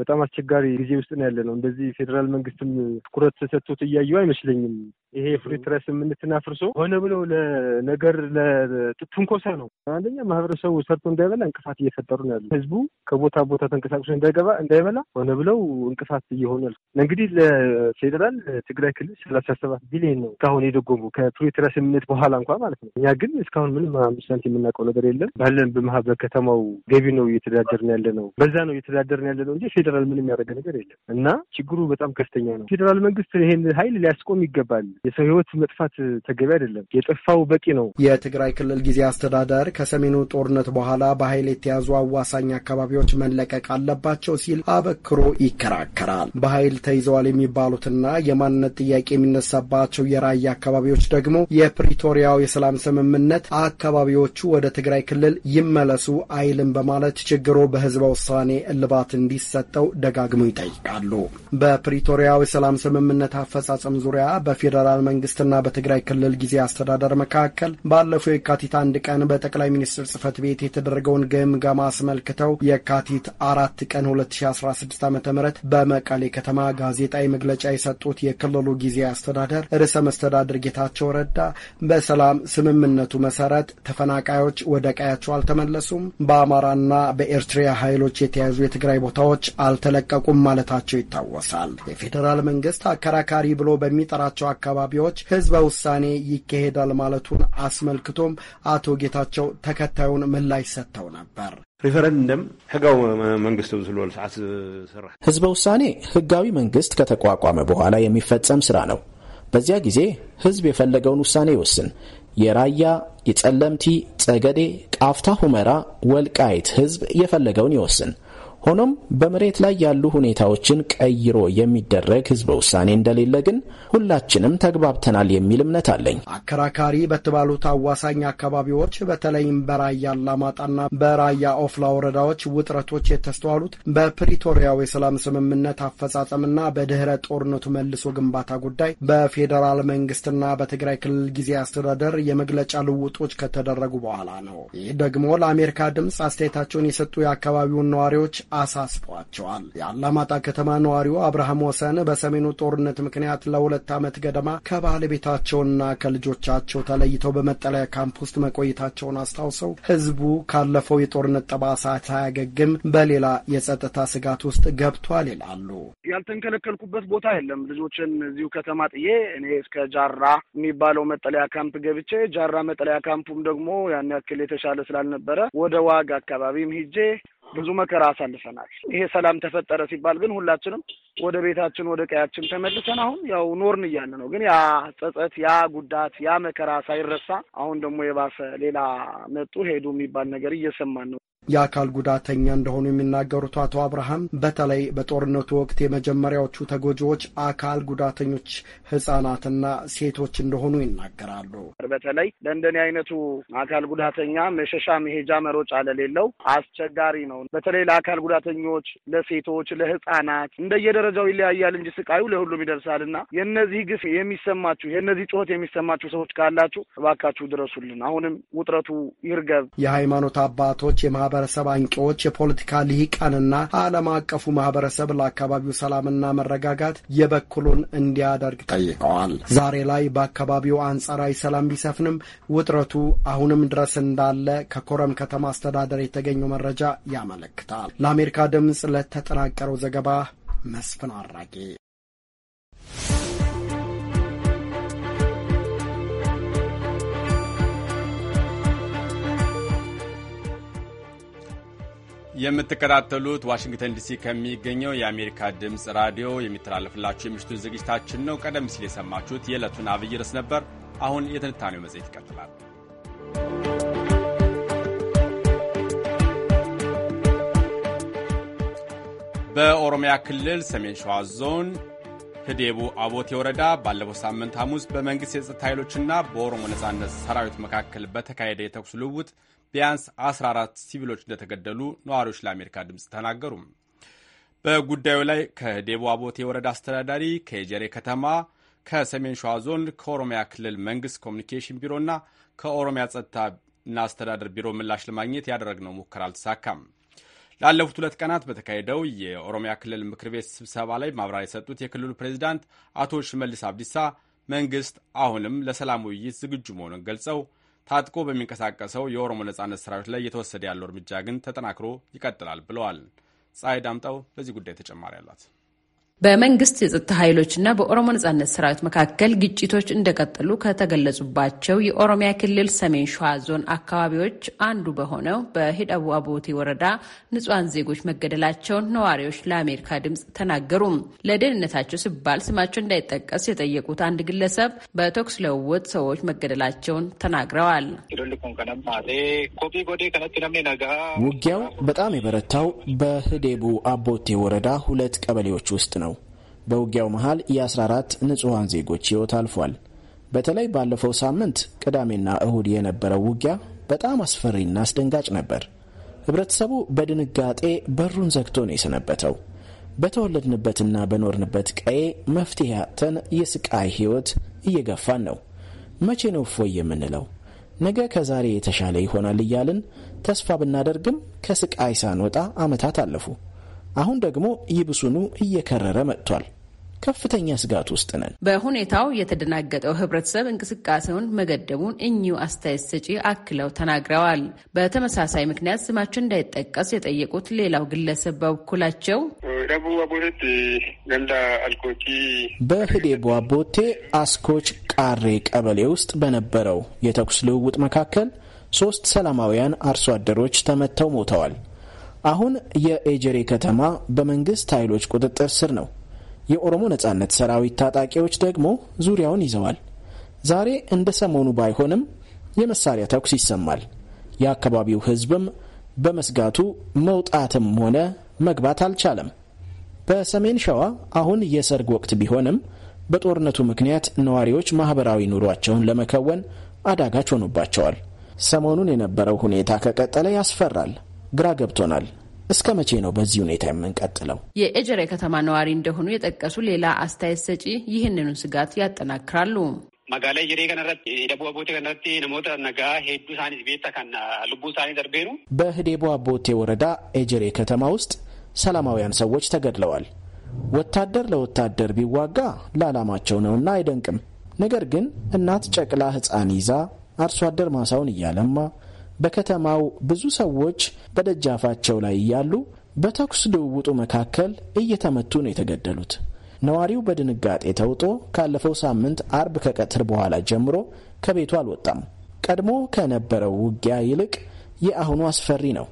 በጣም አስቸጋሪ ጊዜ ውስጥ ነው ያለ ነው። እንደዚህ ፌዴራል መንግስትም ትኩረት ተሰጥቶት እያየው አይመስለኝም። ይሄ ፍሪትረስ የምንትናፍርሶ ፍርሶ ሆነ ብሎ ለነገር ለትንኮሳ ነው። አንደኛ ማህበረሰቡ ሰርቶ እንዳይበላ እንቅፋት እየፈጠሩ ነው ያሉ። ህዝቡ ከቦታ ቦታ ተንቀሳቅሶ እንዳይገባ እንዳይበላ ሆነ ብለው እንቅፋት እየሆኑ ያሉ። እንግዲህ ለፌዴራል ትግራይ ክልል ሰላሳ ሰባት ቢሊዮን ነው እስካሁን የደጎሙ ከፍሪ ትረስ በኋላ እንኳ ማለት ነው። እኛ ግን እስካሁን ምንም አምስት ሳንቲም የምናውቀው ነገር የለም። ባለን በማህበረ ከተማው ገቢ ነው እየተዳደርን ያለ ነው። በዛ ነው እየተዳደርን ያለ ነው እንጂ ፌዴራል ምንም ያደረገ ነገር የለም እና ችግሩ በጣም ከፍተኛ ነው። ፌዴራል መንግስት ይሄን ሀይል ሊያስቆም ይገባል። የሰው ህይወት መጥፋት ተገቢ አይደለም። የጠፋው በቂ ነው። የትግራይ ክልል ጊዜ አስተዳደር ከሰሜኑ ጦርነት በኋላ በኃይል የተያዙ አዋሳኝ አካባቢዎች መለቀቅ አለባቸው ሲል አበክሮ ይከራከራል። በኃይል ተይዘዋል የሚባሉትና የማንነት ጥያቄ የሚነሳባቸው የራያ አካባቢዎች ደግሞ የፕሪቶሪያው የሰላም ስምምነት አካባቢዎቹ ወደ ትግራይ ክልል ይመለሱ አይልም በማለት ችግሩ በህዝበ ውሳኔ እልባት እንዲሰጠው ደጋግሞ ይጠይቃሉ። በፕሪቶሪያው የሰላም ስምምነት አፈጻጸም ዙሪያ በፌደራል ፌዴራል መንግስትና በትግራይ ክልል ጊዜ አስተዳደር መካከል ባለፈው የካቲት አንድ ቀን በጠቅላይ ሚኒስትር ጽህፈት ቤት የተደረገውን ግምገማ አስመልክተው የካቲት አራት ቀን 2016 ዓ ም በመቀሌ ከተማ ጋዜጣዊ መግለጫ የሰጡት የክልሉ ጊዜ አስተዳደር ርዕሰ መስተዳድር ጌታቸው ረዳ በሰላም ስምምነቱ መሰረት ተፈናቃዮች ወደ ቀያቸው አልተመለሱም፣ በአማራና በኤርትራ ኃይሎች የተያዙ የትግራይ ቦታዎች አልተለቀቁም ማለታቸው ይታወሳል። የፌዴራል መንግስት አከራካሪ ብሎ በሚጠራቸው አካባቢ አካባቢዎች ህዝበ ውሳኔ ይካሄዳል ማለቱን አስመልክቶም አቶ ጌታቸው ተከታዩን ምላሽ ሰጥተው ነበር። ሪፈረንደም ህጋዊ መንግስት ብዝልበሉ ሰዓት ስራ ህዝበ ውሳኔ ህጋዊ መንግስት ከተቋቋመ በኋላ የሚፈጸም ስራ ነው። በዚያ ጊዜ ህዝብ የፈለገውን ውሳኔ ይወስን። የራያ የጸለምቲ፣ ጸገዴ፣ ቃፍታ፣ ሁመራ፣ ወልቃይት ህዝብ የፈለገውን ይወስን። ሆኖም በመሬት ላይ ያሉ ሁኔታዎችን ቀይሮ የሚደረግ ህዝበ ውሳኔ እንደሌለ ግን ሁላችንም ተግባብተናል የሚል እምነት አለኝ። አከራካሪ በተባሉት አዋሳኝ አካባቢዎች በተለይም በራያ አላማጣና በራያ ኦፍላ ወረዳዎች ውጥረቶች የተስተዋሉት በፕሪቶሪያው የሰላም ስምምነት አፈጻጸምና በድህረ ጦርነቱ መልሶ ግንባታ ጉዳይ በፌዴራል መንግስትና በትግራይ ክልል ጊዜ አስተዳደር የመግለጫ ልውጦች ከተደረጉ በኋላ ነው። ይህ ደግሞ ለአሜሪካ ድምፅ አስተያየታቸውን የሰጡ የአካባቢውን ነዋሪዎች አሳስቧቸዋል። የአላማጣ ከተማ ነዋሪው አብርሃም ወሰን በሰሜኑ ጦርነት ምክንያት ለሁለት ዓመት ገደማ ከባለቤታቸውና ከልጆቻቸው ተለይተው በመጠለያ ካምፕ ውስጥ መቆየታቸውን አስታውሰው ህዝቡ ካለፈው የጦርነት ጠባሳ ሳያገግም በሌላ የጸጥታ ስጋት ውስጥ ገብቷል ይላሉ። ያልተንከለከልኩበት ቦታ የለም። ልጆችን እዚሁ ከተማ ጥዬ እኔ እስከ ጃራ የሚባለው መጠለያ ካምፕ ገብቼ ጃራ መጠለያ ካምፑም ደግሞ ያን ያክል የተሻለ ስላልነበረ ወደ ዋግ አካባቢም ሂጄ ብዙ መከራ አሳልፈናል። ይሄ ሰላም ተፈጠረ ሲባል ግን ሁላችንም ወደ ቤታችን ወደ ቀያችን ተመልሰን አሁን ያው ኖርን እያለ ነው። ግን ያ ጸጸት፣ ያ ጉዳት፣ ያ መከራ ሳይረሳ አሁን ደግሞ የባሰ ሌላ መጡ ሄዱ የሚባል ነገር እየሰማን ነው። የአካል ጉዳተኛ እንደሆኑ የሚናገሩት አቶ አብርሃም በተለይ በጦርነቱ ወቅት የመጀመሪያዎቹ ተጎጂዎች አካል ጉዳተኞች ህጻናትና ሴቶች እንደሆኑ ይናገራሉ። በተለይ ለእንደኔ አይነቱ አካል ጉዳተኛ መሸሻ መሄጃ መሮጫ ለሌለው አስቸጋሪ ነው። በተለይ ለአካል ጉዳተኞች፣ ለሴቶች፣ ለህጻናት እንደየደረጃው ይለያያል እንጂ ስቃዩ ለሁሉም ይደርሳል እና የእነዚህ ግፍ የሚሰማችሁ የእነዚህ ጩኸት የሚሰማችሁ ሰዎች ካላችሁ እባካችሁ ድረሱልን። አሁንም ውጥረቱ ይርገብ። የሃይማኖት አባቶች የማ ማህበረሰብ አንቂዎች፣ የፖለቲካ ልሂቃንና ዓለም አቀፉ ማህበረሰብ ለአካባቢው ሰላምና መረጋጋት የበኩሉን እንዲያደርግ ጠይቀዋል። ዛሬ ላይ በአካባቢው አንጻራዊ ሰላም ቢሰፍንም ውጥረቱ አሁንም ድረስ እንዳለ ከኮረም ከተማ አስተዳደር የተገኘው መረጃ ያመለክታል። ለአሜሪካ ድምፅ ለተጠናቀረው ዘገባ መስፍን አራጌ የምትከታተሉት ዋሽንግተን ዲሲ ከሚገኘው የአሜሪካ ድምፅ ራዲዮ የሚተላለፍላችሁ የምሽቱን ዝግጅታችን ነው። ቀደም ሲል የሰማችሁት የዕለቱን አብይ ርዕስ ነበር። አሁን የትንታኔው መጽሔት ይቀጥላል። በኦሮሚያ ክልል ሰሜን ሸዋ ዞን ህዴቡ አቦቴ ወረዳ ባለፈው ሳምንት ሐሙስ በመንግሥት የጸጥታ ኃይሎችና በኦሮሞ ነጻነት ሰራዊት መካከል በተካሄደ የተኩስ ልውውጥ ቢያንስ 14 ሲቪሎች እንደተገደሉ ነዋሪዎች ለአሜሪካ ድምፅ ተናገሩ። በጉዳዩ ላይ አቦቴ ወረዳ አስተዳዳሪ፣ ከጀሬ ከተማ፣ ከሰሜን ሸዋ ዞን፣ ከኦሮሚያ ክልል መንግስት ኮሚኒኬሽን ቢሮና ከኦሮሚያ ጸጥታና አስተዳደር ቢሮ ምላሽ ለማግኘት ያደረግነው ሙከራ አልተሳካም። ላለፉት ሁለት ቀናት በተካሄደው የኦሮሚያ ክልል ምክር ቤት ስብሰባ ላይ ማብራሪያ የሰጡት የክልሉ ፕሬዚዳንት አቶ ሽመልስ አብዲሳ መንግስት አሁንም ለሰላም ውይይት ዝግጁ መሆኑን ገልጸው ታጥቆ በሚንቀሳቀሰው የኦሮሞ ነጻነት ሰራዊት ላይ እየተወሰደ ያለው እርምጃ ግን ተጠናክሮ ይቀጥላል ብለዋል። ፀሐይ ዳምጠው በዚህ ጉዳይ ተጨማሪ አሏት። በመንግስት የጸጥታ ኃይሎችና በኦሮሞ ነጻነት ሰራዊት መካከል ግጭቶች እንደቀጠሉ ከተገለጹባቸው የኦሮሚያ ክልል ሰሜን ሸዋ ዞን አካባቢዎች አንዱ በሆነው በሂደቡ አቦቴ ወረዳ ንጹሐን ዜጎች መገደላቸውን ነዋሪዎች ለአሜሪካ ድምፅ ተናገሩ። ለደህንነታቸው ሲባል ስማቸው እንዳይጠቀስ የጠየቁት አንድ ግለሰብ በተኩስ ልውውጥ ሰዎች መገደላቸውን ተናግረዋል። ውጊያው በጣም የበረታው በሂደቡ አቦቴ ወረዳ ሁለት ቀበሌዎች ውስጥ ነው። በውጊያው መሃል የ14 ንጹሐን ዜጎች ሕይወት አልፏል። በተለይ ባለፈው ሳምንት ቅዳሜና እሁድ የነበረው ውጊያ በጣም አስፈሪና አስደንጋጭ ነበር። ህብረተሰቡ በድንጋጤ በሩን ዘግቶ ነው የሰነበተው። በተወለድንበትና በኖርንበት ቀዬ መፍትሄ ያተን የስቃይ ሕይወት እየገፋን ነው። መቼ ነው እፎይ የምንለው? ነገ ከዛሬ የተሻለ ይሆናል እያልን ተስፋ ብናደርግም ከስቃይ ሳንወጣ ዓመታት አለፉ። አሁን ደግሞ ይብሱኑ እየከረረ መጥቷል። ከፍተኛ ስጋት ውስጥ ነን። በሁኔታው የተደናገጠው ህብረተሰብ እንቅስቃሴውን መገደቡን እኚሁ አስተያየት ሰጪ አክለው ተናግረዋል። በተመሳሳይ ምክንያት ስማቸው እንዳይጠቀስ የጠየቁት ሌላው ግለሰብ በበኩላቸው በህዴቦ አቦቴ አስኮች ቃሬ ቀበሌ ውስጥ በነበረው የተኩስ ልውውጥ መካከል ሶስት ሰላማውያን አርሶ አደሮች ተመተው ሞተዋል። አሁን የኤጀሬ ከተማ በመንግስት ኃይሎች ቁጥጥር ስር ነው። የኦሮሞ ነጻነት ሰራዊት ታጣቂዎች ደግሞ ዙሪያውን ይዘዋል። ዛሬ እንደ ሰሞኑ ባይሆንም የመሳሪያ ተኩስ ይሰማል። የአካባቢው ህዝብም በመስጋቱ መውጣትም ሆነ መግባት አልቻለም። በሰሜን ሸዋ አሁን የሰርግ ወቅት ቢሆንም በጦርነቱ ምክንያት ነዋሪዎች ማህበራዊ ኑሯቸውን ለመከወን አዳጋች ሆኖባቸዋል። ሰሞኑን የነበረው ሁኔታ ከቀጠለ ያስፈራል። ግራ ገብቶናል። እስከ መቼ ነው በዚህ ሁኔታ የምንቀጥለው? የኤጀሬ ከተማ ነዋሪ እንደሆኑ የጠቀሱ ሌላ አስተያየት ሰጪ ይህንኑ ስጋት ያጠናክራሉ። መጋላ ጅሬ ከነረት የደቡብ አቦቴ ከነረት ነሞተ ነጋ ሄዱ ሳኒ ቤታ ከና ልቡ ሳኒ ደርቤኑ በህዴቦ አቦቴ ወረዳ ኤጀሬ ከተማ ውስጥ ሰላማውያን ሰዎች ተገድለዋል። ወታደር ለወታደር ቢዋጋ ለዓላማቸው ነውና አይደንቅም። ነገር ግን እናት ጨቅላ ህፃን ይዛ አርሶ አደር ማሳውን እያለማ በከተማው ብዙ ሰዎች በደጃፋቸው ላይ እያሉ በተኩስ ልውውጡ መካከል እየተመቱ ነው የተገደሉት። ነዋሪው በድንጋጤ ተውጦ ካለፈው ሳምንት አርብ ከቀትር በኋላ ጀምሮ ከቤቱ አልወጣም። ቀድሞ ከነበረው ውጊያ ይልቅ የአሁኑ አስፈሪ ነው።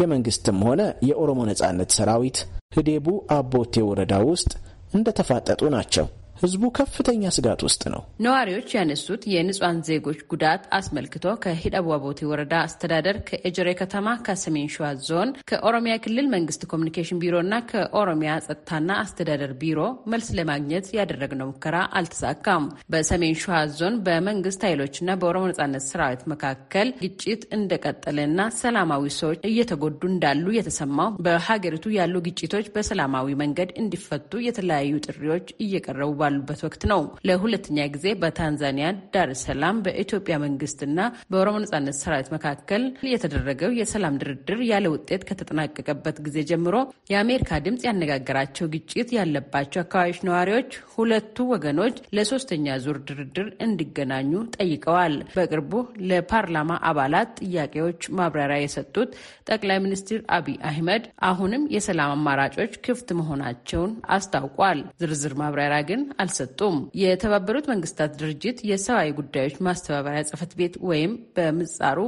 የመንግስትም ሆነ የኦሮሞ ነጻነት ሰራዊት ህዴቡ አቦቴ ወረዳ ውስጥ እንደተፋጠጡ ናቸው። ህዝቡ ከፍተኛ ስጋት ውስጥ ነው። ነዋሪዎች ያነሱት የንጹሐን ዜጎች ጉዳት አስመልክቶ ከሂዳቡ አቦቴ ወረዳ አስተዳደር፣ ከኤጀሬ ከተማ፣ ከሰሜን ሸዋ ዞን፣ ከኦሮሚያ ክልል መንግስት ኮሚኒኬሽን ቢሮና ከኦሮሚያ ጸጥታና አስተዳደር ቢሮ መልስ ለማግኘት ያደረግነው ሙከራ አልተሳካም። በሰሜን ሸዋ ዞን በመንግስት ኃይሎችና በኦሮሞ ነጻነት ሰራዊት መካከል ግጭት እንደቀጠለና ሰላማዊ ሰዎች እየተጎዱ እንዳሉ የተሰማው በሀገሪቱ ያሉ ግጭቶች በሰላማዊ መንገድ እንዲፈቱ የተለያዩ ጥሪዎች እየቀረቡ ባሉበት ወቅት ነው። ለሁለተኛ ጊዜ በታንዛኒያ ዳር ሰላም በኢትዮጵያ መንግስትና በኦሮሞ ነጻነት ሰራዊት መካከል የተደረገው የሰላም ድርድር ያለ ውጤት ከተጠናቀቀበት ጊዜ ጀምሮ የአሜሪካ ድምፅ ያነጋገራቸው ግጭት ያለባቸው አካባቢዎች ነዋሪዎች ሁለቱ ወገኖች ለሶስተኛ ዙር ድርድር እንዲገናኙ ጠይቀዋል። በቅርቡ ለፓርላማ አባላት ጥያቄዎች ማብራሪያ የሰጡት ጠቅላይ ሚኒስትር አቢይ አህመድ አሁንም የሰላም አማራጮች ክፍት መሆናቸውን አስታውቋል። ዝርዝር ማብራሪያ ግን አልሰጡም። የተባበሩት መንግስታት ድርጅት የሰብአዊ ጉዳዮች ማስተባበሪያ ጽህፈት ቤት ወይም በምጻሩ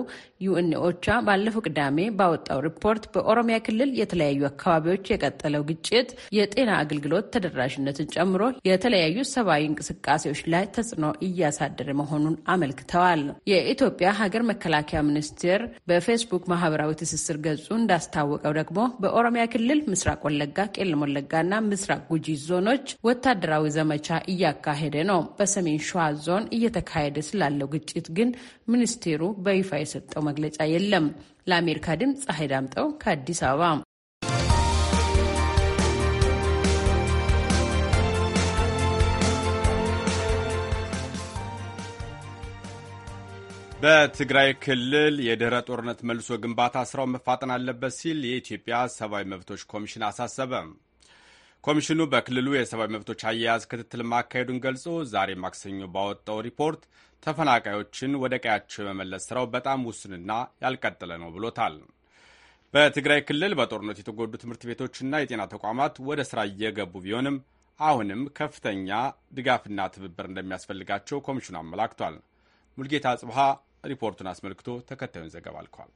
ዩኤንኦቻ ባለፈው ቅዳሜ ባወጣው ሪፖርት በኦሮሚያ ክልል የተለያዩ አካባቢዎች የቀጠለው ግጭት የጤና አገልግሎት ተደራሽነትን ጨምሮ የተለያዩ ሰብአዊ እንቅስቃሴዎች ላይ ተጽዕኖ እያሳደረ መሆኑን አመልክተዋል። የኢትዮጵያ ሀገር መከላከያ ሚኒስቴር በፌስቡክ ማህበራዊ ትስስር ገጹ እንዳስታወቀው ደግሞ በኦሮሚያ ክልል ምስራቅ ወለጋ፣ ቄለም ወለጋ እና ምስራቅ ጉጂ ዞኖች ወታደራዊ ዘመ ዘመቻ እያካሄደ ነው። በሰሜን ሸዋ ዞን እየተካሄደ ስላለው ግጭት ግን ሚኒስቴሩ በይፋ የሰጠው መግለጫ የለም። ለአሜሪካ ድምፅ ፀሐይ ዳምጠው ከአዲስ አበባ። በትግራይ ክልል የድኅረ ጦርነት መልሶ ግንባታ ስራው መፋጠን አለበት ሲል የኢትዮጵያ ሰብአዊ መብቶች ኮሚሽን አሳሰበ። ኮሚሽኑ በክልሉ የሰብአዊ መብቶች አያያዝ ክትትል ማካሄዱን ገልጾ ዛሬ ማክሰኞ ባወጣው ሪፖርት ተፈናቃዮችን ወደ ቀያቸው የመመለስ ስራው በጣም ውስንና ያልቀጠለ ነው ብሎታል። በትግራይ ክልል በጦርነት የተጎዱ ትምህርት ቤቶችና የጤና ተቋማት ወደ ስራ እየገቡ ቢሆንም አሁንም ከፍተኛ ድጋፍና ትብብር እንደሚያስፈልጋቸው ኮሚሽኑ አመላክቷል። ሙልጌታ ጽብሃ ሪፖርቱን አስመልክቶ ተከታዩን ዘገባ አልከዋል።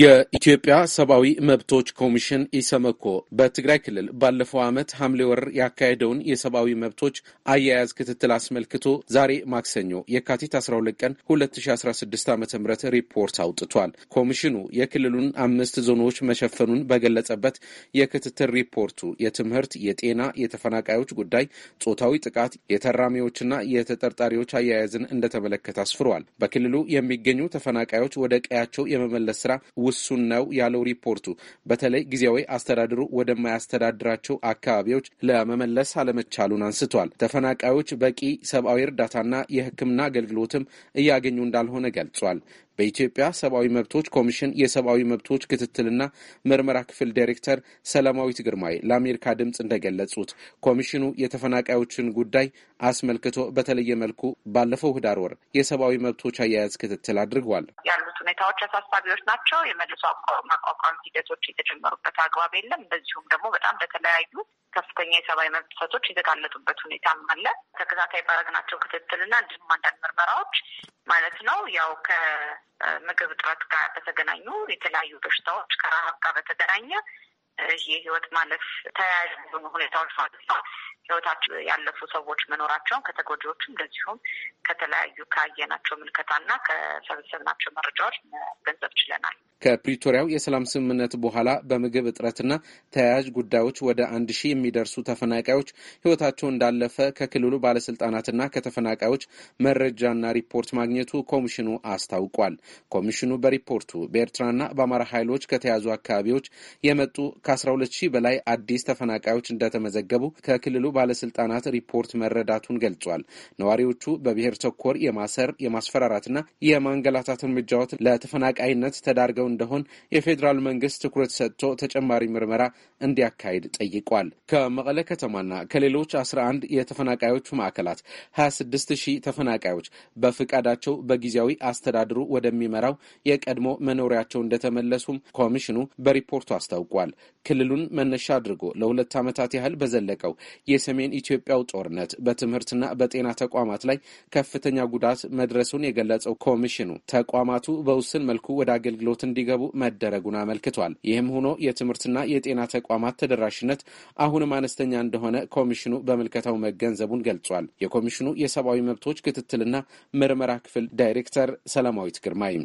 የኢትዮጵያ ሰብአዊ መብቶች ኮሚሽን ኢሰመኮ በትግራይ ክልል ባለፈው ዓመት ሐምሌ ወር ያካሄደውን የሰብአዊ መብቶች አያያዝ ክትትል አስመልክቶ ዛሬ ማክሰኞ የካቲት 12 ቀን 2016 ዓ ም ሪፖርት አውጥቷል። ኮሚሽኑ የክልሉን አምስት ዞኖች መሸፈኑን በገለጸበት የክትትል ሪፖርቱ የትምህርት፣ የጤና፣ የተፈናቃዮች ጉዳይ፣ ጾታዊ ጥቃት፣ የተራሚዎችና የተጠርጣሪዎች አያያዝን እንደተመለከተ አስፍሯል። በክልሉ የሚገኙ ተፈናቃዮች ወደ ቀያቸው የመመለስ ስራ ውሱን ነው ያለው ሪፖርቱ። በተለይ ጊዜያዊ አስተዳደሩ ወደማያስተዳድራቸው አካባቢዎች ለመመለስ አለመቻሉን አንስቷል። ተፈናቃዮች በቂ ሰብአዊ እርዳታና የሕክምና አገልግሎትም እያገኙ እንዳልሆነ ገልጿል። በኢትዮጵያ ሰብአዊ መብቶች ኮሚሽን የሰብአዊ መብቶች ክትትልና ምርመራ ክፍል ዳይሬክተር ሰላማዊት ግርማይ ለአሜሪካ ድምፅ እንደገለጹት ኮሚሽኑ የተፈናቃዮችን ጉዳይ አስመልክቶ በተለየ መልኩ ባለፈው ህዳር ወር የሰብአዊ መብቶች አያያዝ ክትትል አድርጓል። ያሉት ሁኔታዎች አሳሳቢዎች ናቸው። የመልሶ ማቋቋም ሂደቶች የተጀመሩበት አግባብ የለም። በዚሁም ደግሞ በጣም በተለያዩ ከፍተኛ የሰብአዊ መብት ጥሰቶች የተጋለጡበት ሁኔታም አለ። ተከታታይ ባረግናቸው ክትትልና እንዲሁም አንዳንድ ምርመራዎች ማለት ነው ያው ከምግብ እጥረት ጋር በተገናኙ የተለያዩ በሽታዎች ከረሃብ ጋር በተገናኘ የህይወት ማለፍ ተያያዥ ሁኔታዎች ማለት ነው ህይወታቸው ያለፉ ሰዎች መኖራቸውን ከተጎጂዎችም እንደዚሁም ከተለያዩ ካየናቸው ምልከታና ከሰበሰብናቸው መረጃዎች መገንዘብ ችለናል። ከፕሪቶሪያው የሰላም ስምምነት በኋላ በምግብ እጥረትና ተያያዥ ጉዳዮች ወደ አንድ ሺህ የሚደርሱ ተፈናቃዮች ህይወታቸው እንዳለፈ ከክልሉ ባለስልጣናትና ከተፈናቃዮች መረጃና ሪፖርት ማግኘቱ ኮሚሽኑ አስታውቋል። ኮሚሽኑ በሪፖርቱ በኤርትራና በአማራ ኃይሎች ከተያዙ አካባቢዎች የመጡ ከ12 ሺህ በላይ አዲስ ተፈናቃዮች እንደተመዘገቡ ከክልሉ ባለስልጣናት ሪፖርት መረዳቱን ገልጿል። ነዋሪዎቹ በብሔር ተኮር የማሰር የማስፈራራትና የማንገላታት እርምጃዎች ለተፈናቃይነት ተዳርገው እንደሆን የፌዴራል መንግስት ትኩረት ሰጥቶ ተጨማሪ ምርመራ እንዲያካሂድ ጠይቋል። ከመቀለ ከተማና ከሌሎች 11 የተፈናቃዮች ማዕከላት 26 ሺህ ተፈናቃዮች በፍቃዳቸው በጊዜያዊ አስተዳድሩ ወደሚመራው የቀድሞ መኖሪያቸው እንደተመለሱም ኮሚሽኑ በሪፖርቱ አስታውቋል። ክልሉን መነሻ አድርጎ ለሁለት ዓመታት ያህል በዘለቀው የሰሜን ኢትዮጵያው ጦርነት በትምህርትና በጤና ተቋማት ላይ ከፍተኛ ጉዳት መድረሱን የገለጸው ኮሚሽኑ ተቋማቱ በውስን መልኩ ወደ አገልግሎት እንዲ እንዲገቡ መደረጉን አመልክቷል። ይህም ሆኖ የትምህርትና የጤና ተቋማት ተደራሽነት አሁንም አነስተኛ እንደሆነ ኮሚሽኑ በምልከታው መገንዘቡን ገልጿል። የኮሚሽኑ የሰብአዊ መብቶች ክትትልና ምርመራ ክፍል ዳይሬክተር ሰላማዊት ግርማይ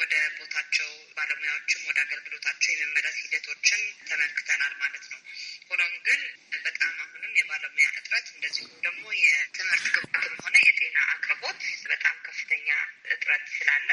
ወደ ቦታቸው ባለሙያዎችም ወደ አገልግሎታቸው የመመለስ ሂደቶችን ተመልክተናል ማለት ነው። ሆኖም ግን በጣም አሁንም የባለሙያ እጥረት እንደዚሁም ደግሞ የትምህርት ግባትም ሆነ የጤና አቅርቦት በጣም ከፍተኛ እጥረት ስላለ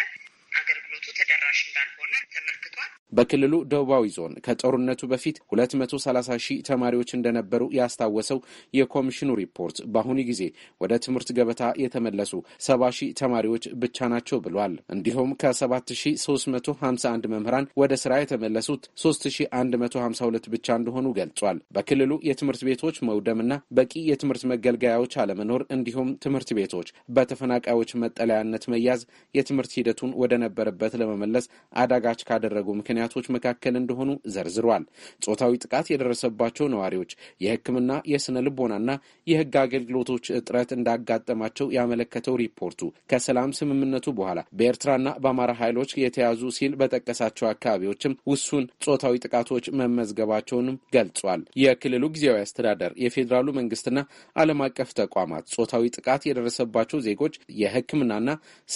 አገልግሎቱ ተደራሽ እንዳልሆነ ተመልክቷል። በክልሉ ደቡባዊ ዞን ከጦርነቱ በፊት ሁለት መቶ ሰላሳ ሺህ ተማሪዎች እንደነበሩ ያስታወሰው የኮሚሽኑ ሪፖርት በአሁኑ ጊዜ ወደ ትምህርት ገበታ የተመለሱ ሰባ ሺህ ተማሪዎች ብቻ ናቸው ብሏል። እንዲሁም ከሰባት ሺህ ሶስት መቶ ሀምሳ አንድ መምህራን ወደ ስራ የተመለሱት ሶስት ሺህ አንድ መቶ ሀምሳ ሁለት ብቻ እንደሆኑ ገልጿል። በክልሉ የትምህርት ቤቶች መውደምና በቂ የትምህርት መገልገያዎች አለመኖር እንዲሁም ትምህርት ቤቶች በተፈናቃዮች መጠለያነት መያዝ የትምህርት ሂደቱን ወደ ነበረበት በሄዱበት ለመመለስ አዳጋች ካደረጉ ምክንያቶች መካከል እንደሆኑ ዘርዝሯል። ጾታዊ ጥቃት የደረሰባቸው ነዋሪዎች የሕክምና የስነ ልቦናና የሕግ አገልግሎቶች እጥረት እንዳጋጠማቸው ያመለከተው ሪፖርቱ ከሰላም ስምምነቱ በኋላ በኤርትራና በአማራ ኃይሎች የተያዙ ሲል በጠቀሳቸው አካባቢዎችም ውሱን ጾታዊ ጥቃቶች መመዝገባቸውንም ገልጿል። የክልሉ ጊዜያዊ አስተዳደር የፌዴራሉ መንግስትና ዓለም አቀፍ ተቋማት ጾታዊ ጥቃት የደረሰባቸው ዜጎች የሕክምናና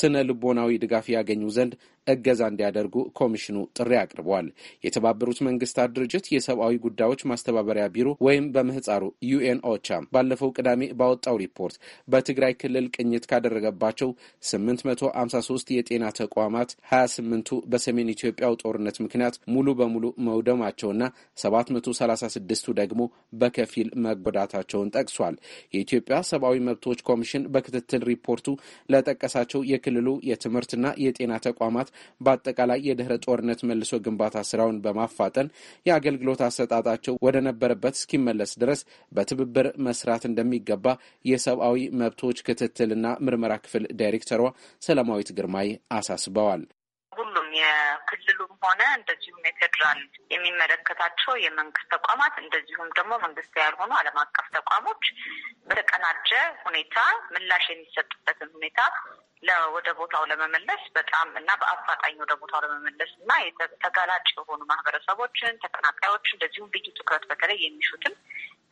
ስነ ልቦናዊ ድጋፍ ያገኙ ዘንድ እገዛ እንዲያደርጉ ኮሚሽኑ ጥሪ አቅርቧል። የተባበሩት መንግስታት ድርጅት የሰብአዊ ጉዳዮች ማስተባበሪያ ቢሮ ወይም በምህፃሩ ዩኤን ኦቻ ባለፈው ቅዳሜ ባወጣው ሪፖርት በትግራይ ክልል ቅኝት ካደረገባቸው 853 የጤና ተቋማት 28ቱ በሰሜን ኢትዮጵያው ጦርነት ምክንያት ሙሉ በሙሉ መውደማቸውና 736ቱ ደግሞ በከፊል መጎዳታቸውን ጠቅሷል። የኢትዮጵያ ሰብአዊ መብቶች ኮሚሽን በክትትል ሪፖርቱ ለጠቀሳቸው የክልሉ የትምህርትና የጤና ተቋማት በአጠቃላይ የድህረ ጦርነት መልሶ ግንባታ ስራውን በማፋጠን የአገልግሎት አሰጣጣቸው ወደ ነበረበት እስኪመለስ ድረስ በትብብር መስራት እንደሚገባ የሰብአዊ መብቶች ክትትልና ምርመራ ክፍል ዳይሬክተሯ ሰላማዊት ግርማይ አሳስበዋል። የክልሉም ሆነ እንደዚሁም የፌዴራል የሚመለከታቸው የመንግስት ተቋማት እንደዚሁም ደግሞ መንግስት ያልሆኑ ዓለም አቀፍ ተቋሞች በተቀናጀ ሁኔታ ምላሽ የሚሰጥበትን ሁኔታ ወደ ቦታው ለመመለስ በጣም እና በአፋጣኝ ወደ ቦታው ለመመለስ እና ተጋላጭ የሆኑ ማህበረሰቦችን፣ ተፈናቃዮች እንደዚሁም ልዩ ትኩረት በተለይ የሚሹትን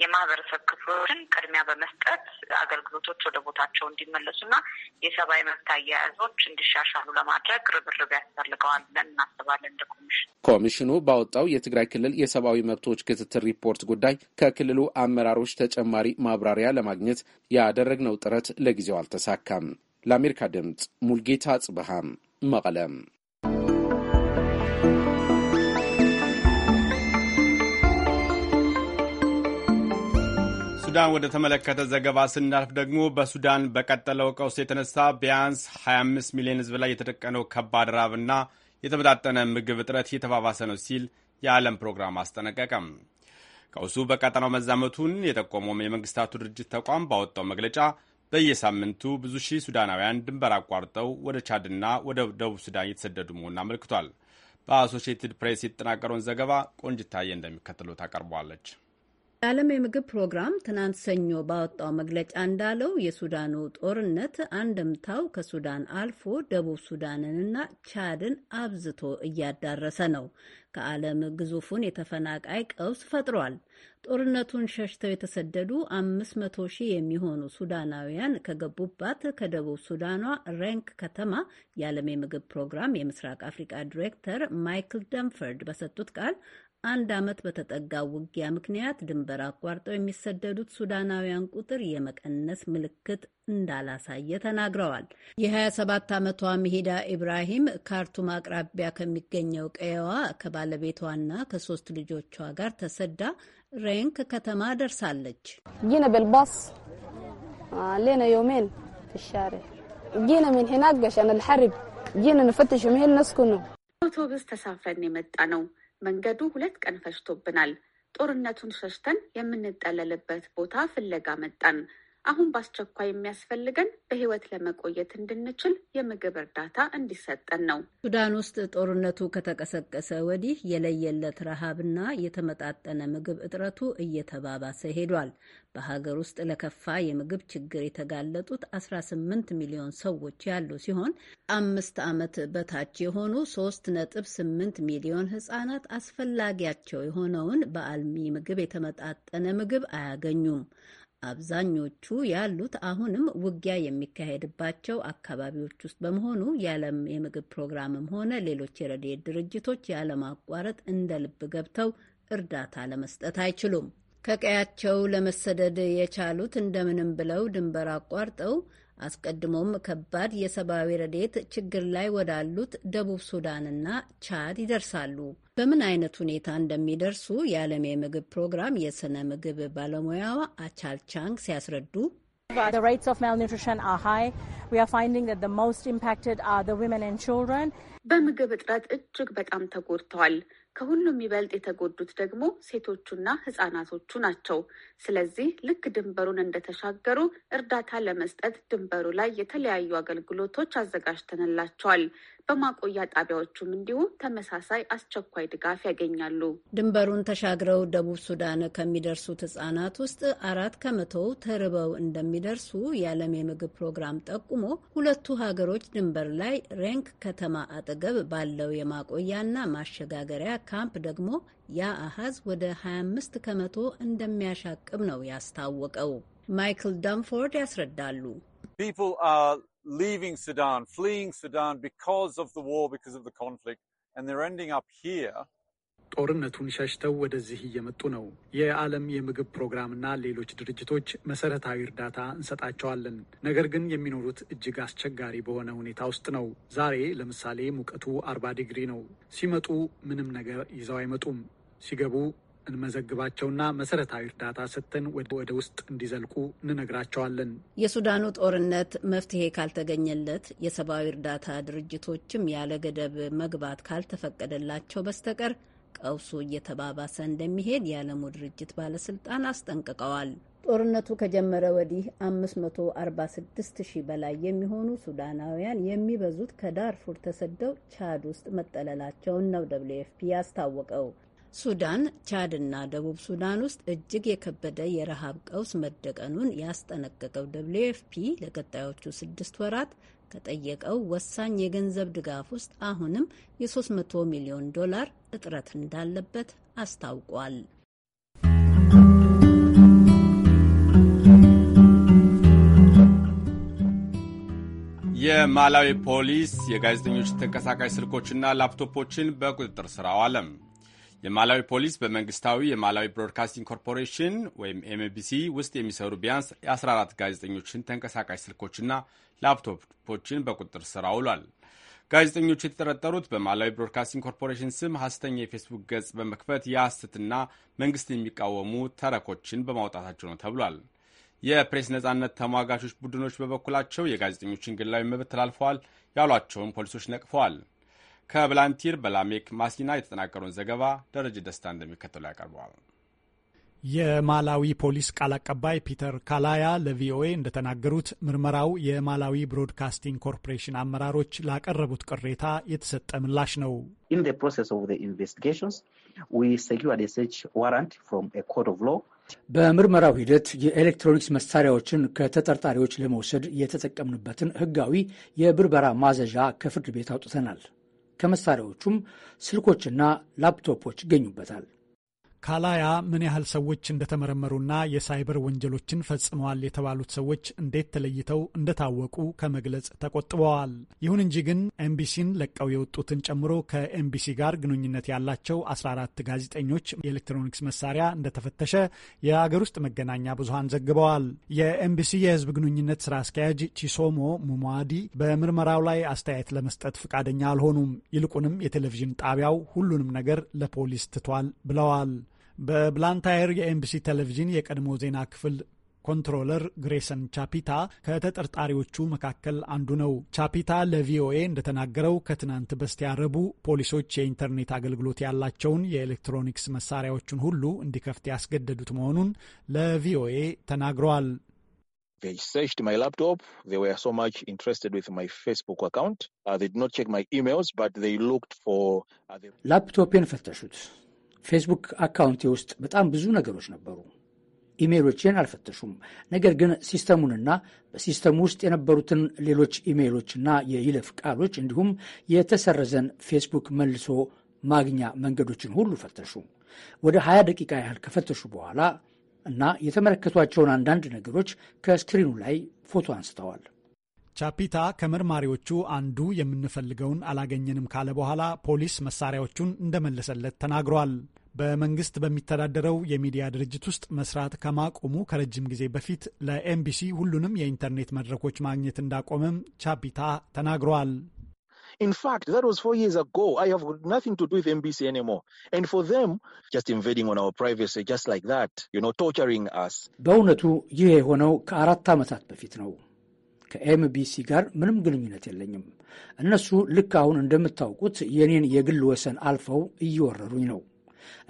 የማህበረሰብ ክፍሎችን ቅድሚያ በመስጠት አገልግሎቶች ወደ ቦታቸው እንዲመለሱና የሰብአዊ መብት አያያዞች እንዲሻሻሉ ለማድረግ ርብርብ ያስፈልገዋል። ይኖረዋል ብለን እናስባለን እንደ ኮሚሽን። ኮሚሽኑ ባወጣው የትግራይ ክልል የሰብአዊ መብቶች ክትትል ሪፖርት ጉዳይ ከክልሉ አመራሮች ተጨማሪ ማብራሪያ ለማግኘት ያደረግነው ጥረት ለጊዜው አልተሳካም። ለአሜሪካ ድምፅ ሙልጌታ ጽብሃም መቀለም ሱዳን ወደ ተመለከተ ዘገባ ስናልፍ ደግሞ በሱዳን በቀጠለው ቀውስ የተነሳ ቢያንስ 25 ሚሊዮን ሕዝብ ላይ የተደቀነው ከባድ ራብና የተመጣጠነ ምግብ እጥረት እየተባባሰ ነው ሲል የዓለም ፕሮግራም አስጠነቀቀም። ቀውሱ በቀጠናው መዛመቱን የጠቆመውም የመንግስታቱ ድርጅት ተቋም ባወጣው መግለጫ በየሳምንቱ ብዙ ሺህ ሱዳናውያን ድንበር አቋርጠው ወደ ቻድና ወደ ደቡብ ሱዳን የተሰደዱ መሆኑን አመልክቷል። በአሶሺየትድ ፕሬስ የተጠናቀረውን ዘገባ ቆንጅታዬ እንደሚከተለው ታቀርበዋለች። የዓለም የምግብ ፕሮግራም ትናንት ሰኞ ባወጣው መግለጫ እንዳለው የሱዳኑ ጦርነት አንድምታው ከሱዳን አልፎ ደቡብ ሱዳንንና ቻድን አብዝቶ እያዳረሰ ነው። ከዓለም ግዙፉን የተፈናቃይ ቀውስ ፈጥሯል። ጦርነቱን ሸሽተው የተሰደዱ አምስት መቶ ሺህ የሚሆኑ ሱዳናውያን ከገቡባት ከደቡብ ሱዳኗ ሬንክ ከተማ የዓለም የምግብ ፕሮግራም የምስራቅ አፍሪቃ ዲሬክተር ማይክል ደንፈርድ በሰጡት ቃል አንድ ዓመት በተጠጋው ውጊያ ምክንያት ድንበር አቋርጠው የሚሰደዱት ሱዳናውያን ቁጥር የመቀነስ ምልክት እንዳላሳየ ተናግረዋል። የ27 ዓመቷ መሄዳ ኢብራሂም ካርቱም አቅራቢያ ከሚገኘው ቀየዋ ከባለቤቷና ከሶስት ልጆቿ ጋር ተሰዳ ሬንክ ከተማ ደርሳለች። ጊነ በልባስ ሌነ ዮሜን ሻሪ ጊነ ምን ሄናገሽ አነ ጊነ ንፈትሽ ምሄል ነስኩ ነው አውቶቡስ ተሳፈን የመጣ ነው መንገዱ ሁለት ቀን ፈጅቶብናል። ጦርነቱን ሸሽተን የምንጠለልበት ቦታ ፍለጋ መጣን። አሁን በአስቸኳይ የሚያስፈልገን በህይወት ለመቆየት እንድንችል የምግብ እርዳታ እንዲሰጠን ነው። ሱዳን ውስጥ ጦርነቱ ከተቀሰቀሰ ወዲህ የለየለት ረሃብና የተመጣጠነ ምግብ እጥረቱ እየተባባሰ ሄዷል። በሀገር ውስጥ ለከፋ የምግብ ችግር የተጋለጡት 18 ሚሊዮን ሰዎች ያሉ ሲሆን አምስት ዓመት በታች የሆኑ 3.8 ሚሊዮን ህጻናት አስፈላጊያቸው የሆነውን በአልሚ ምግብ የተመጣጠነ ምግብ አያገኙም። አብዛኞቹ ያሉት አሁንም ውጊያ የሚካሄድባቸው አካባቢዎች ውስጥ በመሆኑ የዓለም የምግብ ፕሮግራምም ሆነ ሌሎች የረድኤት ድርጅቶች ያለማቋረጥ እንደ ልብ ገብተው እርዳታ ለመስጠት አይችሉም። ከቀያቸው ለመሰደድ የቻሉት እንደምንም ብለው ድንበር አቋርጠው አስቀድሞም ከባድ የሰብአዊ ረድኤት ችግር ላይ ወዳሉት ደቡብ ሱዳንና ቻድ ይደርሳሉ። በምን አይነት ሁኔታ እንደሚደርሱ የዓለም የምግብ ፕሮግራም የስነ ምግብ ባለሙያዋ አቻል ቻንግ ሲያስረዱ በምግብ እጥረት እጅግ በጣም ተጎድተዋል። ከሁሉም ይበልጥ የተጎዱት ደግሞ ሴቶቹና ህጻናቶቹ ናቸው። ስለዚህ ልክ ድንበሩን እንደተሻገሩ እርዳታ ለመስጠት ድንበሩ ላይ የተለያዩ አገልግሎቶች አዘጋጅተንላቸዋል። በማቆያ ጣቢያዎቹም እንዲሁ ተመሳሳይ አስቸኳይ ድጋፍ ያገኛሉ። ድንበሩን ተሻግረው ደቡብ ሱዳን ከሚደርሱት ህጻናት ውስጥ አራት ከመቶው ተርበው እንደሚደርሱ የዓለም የምግብ ፕሮግራም ጠቁሞ ሁለቱ ሀገሮች ድንበር ላይ ሬንክ ከተማ አጠገብ ባለው የማቆያና ማሸጋገሪያ ካምፕ ደግሞ ያ አሃዝ ወደ 25 ከመቶ እንደሚያሻቅብ ነው ያስታወቀው። ማይክል ዳንፎርድ ያስረዳሉ። ጦርነቱን ሸሽተው ወደዚህ እየመጡ ነው። የዓለም የምግብ ፕሮግራምና ሌሎች ድርጅቶች መሰረታዊ እርዳታ እንሰጣቸዋለን። ነገር ግን የሚኖሩት እጅግ አስቸጋሪ በሆነ ሁኔታ ውስጥ ነው። ዛሬ ለምሳሌ ሙቀቱ አርባ ዲግሪ ነው። ሲመጡ ምንም ነገር ይዘው አይመጡም። ሲገቡ እንመዘግባቸውና መሰረታዊ እርዳታ ሰጥተን ወደ ውስጥ እንዲዘልቁ እንነግራቸዋለን። የሱዳኑ ጦርነት መፍትሄ ካልተገኘለት የሰብአዊ እርዳታ ድርጅቶችም ያለ ገደብ መግባት ካልተፈቀደላቸው በስተቀር ቀውሱ እየተባባሰ እንደሚሄድ የዓለሙ ድርጅት ባለስልጣን አስጠንቅቀዋል። ጦርነቱ ከጀመረ ወዲህ 546 ሺህ በላይ የሚሆኑ ሱዳናውያን የሚበዙት ከዳርፉር ተሰደው ቻድ ውስጥ መጠለላቸውን ነው ደብሊው ኤፍፒ ያስታወቀው። ሱዳን፣ ቻድና ደቡብ ሱዳን ውስጥ እጅግ የከበደ የረሃብ ቀውስ መደቀኑን ያስጠነቀቀው ደብሊዩ ኤፍ ፒ ለቀጣዮቹ ስድስት ወራት ከጠየቀው ወሳኝ የገንዘብ ድጋፍ ውስጥ አሁንም የ300 ሚሊዮን ዶላር እጥረት እንዳለበት አስታውቋል። የማላዊ ፖሊስ የጋዜጠኞች ተንቀሳቃሽ ስልኮችና ላፕቶፖችን በቁጥጥር ስር አዋለም። የማላዊ ፖሊስ በመንግስታዊ የማላዊ ብሮድካስቲንግ ኮርፖሬሽን ወይም ኤምቢሲ ውስጥ የሚሰሩ ቢያንስ የ14 ጋዜጠኞችን ተንቀሳቃሽ ስልኮችና ላፕቶፖችን በቁጥጥር ስር አውሏል። ጋዜጠኞቹ የተጠረጠሩት በማላዊ ብሮድካስቲንግ ኮርፖሬሽን ስም ሐሰተኛ የፌስቡክ ገጽ በመክፈት የሐሰትና መንግስትን የሚቃወሙ ተረኮችን በማውጣታቸው ነው ተብሏል። የፕሬስ ነጻነት ተሟጋቾች ቡድኖች በበኩላቸው የጋዜጠኞችን ግላዊ መብት ተላልፈዋል ያሏቸውን ፖሊሶች ነቅፈዋል። ከብላንቲር በላሜክ ማሲና የተጠናቀረውን ዘገባ ደረጀ ደስታ እንደሚከተሉ ያቀርበዋል። የማላዊ ፖሊስ ቃል አቀባይ ፒተር ካላያ ለቪኦኤ እንደተናገሩት ምርመራው የማላዊ ብሮድካስቲንግ ኮርፖሬሽን አመራሮች ላቀረቡት ቅሬታ የተሰጠ ምላሽ ነው። በምርመራው ሂደት የኤሌክትሮኒክስ መሳሪያዎችን ከተጠርጣሪዎች ለመውሰድ የተጠቀምንበትን ሕጋዊ የብርበራ ማዘዣ ከፍርድ ቤት አውጥተናል። ከመሳሪያዎቹም ስልኮችና ላፕቶፖች ይገኙበታል። ካላያ ምን ያህል ሰዎች እንደተመረመሩና የሳይበር ወንጀሎችን ፈጽመዋል የተባሉት ሰዎች እንዴት ተለይተው እንደታወቁ ከመግለጽ ተቆጥበዋል። ይሁን እንጂ ግን ኤምቢሲን ለቀው የወጡትን ጨምሮ ከኤምቢሲ ጋር ግንኙነት ያላቸው 14 ጋዜጠኞች የኤሌክትሮኒክስ መሳሪያ እንደተፈተሸ የአገር ውስጥ መገናኛ ብዙሃን ዘግበዋል። የኤምቢሲ የህዝብ ግንኙነት ስራ አስኪያጅ ቺሶሞ ሙማዲ በምርመራው ላይ አስተያየት ለመስጠት ፈቃደኛ አልሆኑም። ይልቁንም የቴሌቪዥን ጣቢያው ሁሉንም ነገር ለፖሊስ ትቷል ብለዋል። በብላንታየር የኤምቢሲ ቴሌቪዥን የቀድሞ ዜና ክፍል ኮንትሮለር ግሬሰን ቻፒታ ከተጠርጣሪዎቹ መካከል አንዱ ነው። ቻፒታ ለቪኦኤ እንደተናገረው ከትናንት በስቲያ ረቡዕ ፖሊሶች የኢንተርኔት አገልግሎት ያላቸውን የኤሌክትሮኒክስ መሳሪያዎችን ሁሉ እንዲከፍት ያስገደዱት መሆኑን ለቪኦኤ ተናግረዋል። ላፕቶፔን ፈተሹት። ፌስቡክ አካውንቴ ውስጥ በጣም ብዙ ነገሮች ነበሩ። ኢሜይሎቼን አልፈተሹም። ነገር ግን ሲስተሙንና በሲስተሙ ውስጥ የነበሩትን ሌሎች ኢሜይሎችና የይለፍ ቃሎች እንዲሁም የተሰረዘን ፌስቡክ መልሶ ማግኛ መንገዶችን ሁሉ ፈተሹ። ወደ 20 ደቂቃ ያህል ከፈተሹ በኋላ እና የተመለከቷቸውን አንዳንድ ነገሮች ከስክሪኑ ላይ ፎቶ አንስተዋል። ቻፒታ ከመርማሪዎቹ አንዱ የምንፈልገውን አላገኘንም ካለ በኋላ ፖሊስ መሳሪያዎቹን እንደመለሰለት ተናግሯል። በመንግስት በሚተዳደረው የሚዲያ ድርጅት ውስጥ መስራት ከማቆሙ ከረጅም ጊዜ በፊት ለኤምቢሲ ሁሉንም የኢንተርኔት መድረኮች ማግኘት እንዳቆመም ቻፒታ ተናግሯል። ኢንፋክት ዛት ዋዝ ፎር ይርስ አጎ አይ ሃቭ በእውነቱ ይህ የሆነው ከአራት ዓመታት በፊት ነው። ከኤምቢሲ ጋር ምንም ግንኙነት የለኝም። እነሱ ልክ አሁን እንደምታውቁት የኔን የግል ወሰን አልፈው እየወረሩኝ ነው።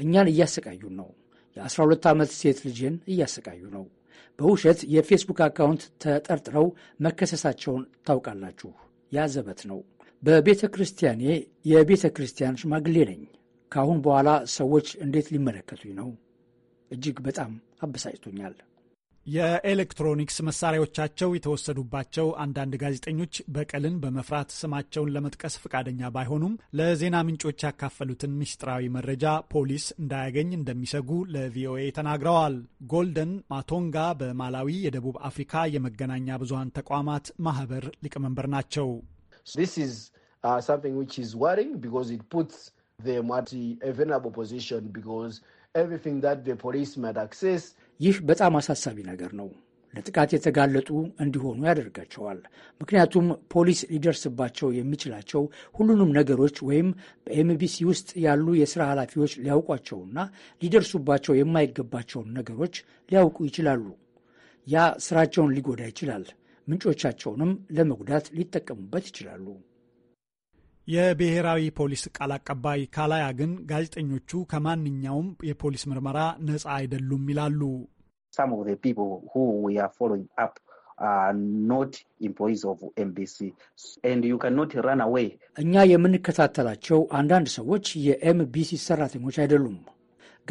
እኛን እያሰቃዩን ነው። የ12 ዓመት ሴት ልጄን እያሰቃዩ ነው። በውሸት የፌስቡክ አካውንት ተጠርጥረው መከሰሳቸውን ታውቃላችሁ። ያዘበት ነው። በቤተ ክርስቲያኔ የቤተ ክርስቲያን ሽማግሌ ነኝ። ከአሁን በኋላ ሰዎች እንዴት ሊመለከቱኝ ነው? እጅግ በጣም አበሳጭቶኛል። የኤሌክትሮኒክስ መሳሪያዎቻቸው የተወሰዱባቸው አንዳንድ ጋዜጠኞች በቀልን በመፍራት ስማቸውን ለመጥቀስ ፈቃደኛ ባይሆኑም ለዜና ምንጮች ያካፈሉትን ምስጢራዊ መረጃ ፖሊስ እንዳያገኝ እንደሚሰጉ ለቪኦኤ ተናግረዋል። ጎልደን ማቶንጋ በማላዊ የደቡብ አፍሪካ የመገናኛ ብዙሃን ተቋማት ማህበር ሊቀመንበር ናቸው። ፖሊስ ይህ በጣም አሳሳቢ ነገር ነው። ለጥቃት የተጋለጡ እንዲሆኑ ያደርጋቸዋል። ምክንያቱም ፖሊስ ሊደርስባቸው የሚችላቸው ሁሉንም ነገሮች ወይም በኤምቢሲ ውስጥ ያሉ የሥራ ኃላፊዎች ሊያውቋቸውና ሊደርሱባቸው የማይገባቸውን ነገሮች ሊያውቁ ይችላሉ። ያ ሥራቸውን ሊጎዳ ይችላል። ምንጮቻቸውንም ለመጉዳት ሊጠቀሙበት ይችላሉ። የብሔራዊ ፖሊስ ቃል አቀባይ ካላያ ግን ጋዜጠኞቹ ከማንኛውም የፖሊስ ምርመራ ነፃ አይደሉም ይላሉ። እኛ የምንከታተላቸው አንዳንድ ሰዎች የኤምቢሲ ሰራተኞች አይደሉም።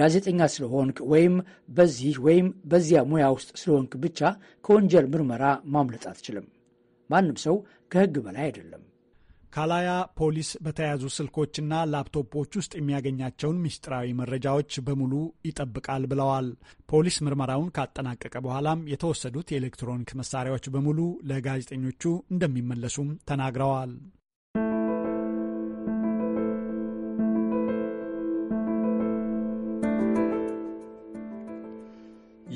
ጋዜጠኛ ስለሆንክ ወይም በዚህ ወይም በዚያ ሙያ ውስጥ ስለሆንክ ብቻ ከወንጀል ምርመራ ማምለጥ አትችልም። ማንም ሰው ከሕግ በላይ አይደለም። ካላያ ፖሊስ በተያዙ ስልኮችና ላፕቶፖች ውስጥ የሚያገኛቸውን ምስጢራዊ መረጃዎች በሙሉ ይጠብቃል ብለዋል። ፖሊስ ምርመራውን ካጠናቀቀ በኋላም የተወሰዱት የኤሌክትሮኒክስ መሳሪያዎች በሙሉ ለጋዜጠኞቹ እንደሚመለሱም ተናግረዋል።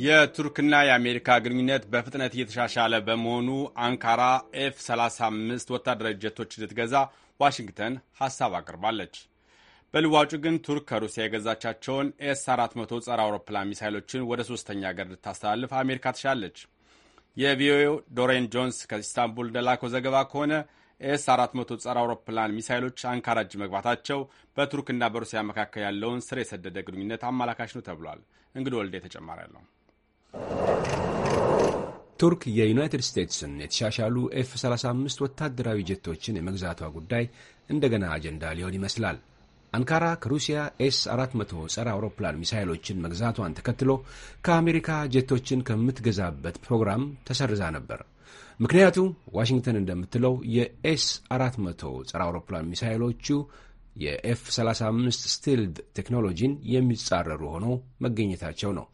የቱርክና የአሜሪካ ግንኙነት በፍጥነት እየተሻሻለ በመሆኑ አንካራ ኤፍ 35 ወታደራዊ ጀቶች እንድትገዛ ዋሽንግተን ሀሳብ አቅርባለች። በልዋጩ ግን ቱርክ ከሩሲያ የገዛቻቸውን ኤስ 400 ጸረ አውሮፕላን ሚሳይሎችን ወደ ሶስተኛ ሀገር ልታስተላልፍ አሜሪካ ትሻለች። የቪኦኤው ዶሬን ጆንስ ከኢስታንቡል እንደላከው ዘገባ ከሆነ ኤስ 400 ጸረ አውሮፕላን ሚሳይሎች አንካራ እጅ መግባታቸው በቱርክና በሩሲያ መካከል ያለውን ስር የሰደደ ግንኙነት አመላካሽ ነው ተብሏል። እንግዲህ ወልዴ ተጨማሪ ያለው ቱርክ የዩናይትድ ስቴትስን የተሻሻሉ ኤፍ 35 ወታደራዊ ጀቶችን የመግዛቷ ጉዳይ እንደገና አጀንዳ ሊሆን ይመስላል። አንካራ ከሩሲያ ኤስ 400 ጸረ አውሮፕላን ሚሳይሎችን መግዛቷን ተከትሎ ከአሜሪካ ጀቶችን ከምትገዛበት ፕሮግራም ተሰርዛ ነበር። ምክንያቱ ዋሽንግተን እንደምትለው የኤስ 400 ጸረ አውሮፕላን ሚሳይሎቹ የኤፍ 35 ስቲልድ ቴክኖሎጂን የሚጻረሩ ሆነው መገኘታቸው ነው።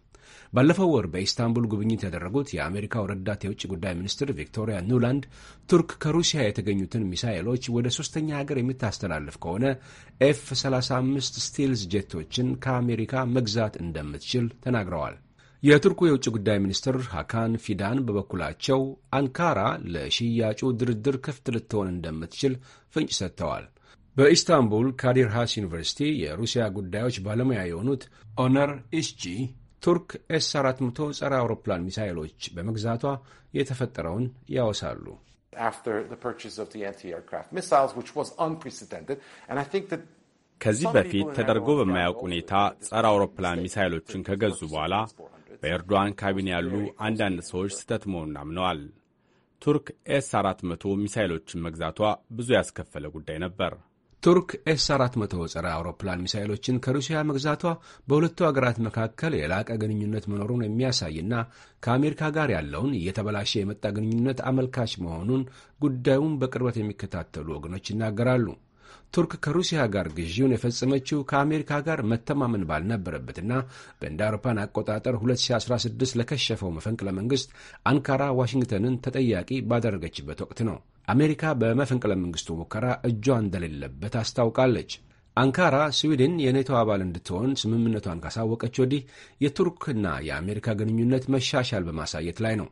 ባለፈው ወር በኢስታንቡል ጉብኝት ያደረጉት የአሜሪካው ረዳት የውጭ ጉዳይ ሚኒስትር ቪክቶሪያ ኑላንድ ቱርክ ከሩሲያ የተገኙትን ሚሳኤሎች ወደ ሶስተኛ ሀገር የምታስተላልፍ ከሆነ ኤፍ 35 ስቲልስ ጄቶችን ከአሜሪካ መግዛት እንደምትችል ተናግረዋል። የቱርኩ የውጭ ጉዳይ ሚኒስትር ሀካን ፊዳን በበኩላቸው አንካራ ለሽያጩ ድርድር ክፍት ልትሆን እንደምትችል ፍንጭ ሰጥተዋል። በኢስታንቡል ካዲር ሃስ ዩኒቨርሲቲ የሩሲያ ጉዳዮች ባለሙያ የሆኑት ኦነር ኢስጂ ቱርክ ኤስ 400 ጸረ አውሮፕላን ሚሳይሎች በመግዛቷ የተፈጠረውን ያወሳሉ። ከዚህ በፊት ተደርጎ በማያውቅ ሁኔታ ጸረ አውሮፕላን ሚሳይሎችን ከገዙ በኋላ በኤርዶዋን ካቢኔ ያሉ አንዳንድ ሰዎች ስህተት መሆኑን አምነዋል። ቱርክ ኤስ 400 ሚሳይሎችን መግዛቷ ብዙ ያስከፈለ ጉዳይ ነበር። ቱርክ ኤስ 400 ጸረ አውሮፕላን ሚሳይሎችን ከሩሲያ መግዛቷ በሁለቱ አገራት መካከል የላቀ ግንኙነት መኖሩን የሚያሳይና ከአሜሪካ ጋር ያለውን እየተበላሸ የመጣ ግንኙነት አመልካች መሆኑን ጉዳዩን በቅርበት የሚከታተሉ ወገኖች ይናገራሉ። ቱርክ ከሩሲያ ጋር ግዢውን የፈጸመችው ከአሜሪካ ጋር መተማመን ባልነበረበትና በእንደ አውሮፓን አቆጣጠር 2016 ለከሸፈው መፈንቅለ መንግስት አንካራ ዋሽንግተንን ተጠያቂ ባደረገችበት ወቅት ነው። አሜሪካ በመፈንቅለ መንግስቱ ሙከራ እጇ እንደሌለበት አስታውቃለች። አንካራ ስዊድን የኔቶ አባል እንድትሆን ስምምነቷን ካሳወቀች ወዲህ የቱርክና የአሜሪካ ግንኙነት መሻሻል በማሳየት ላይ ነው።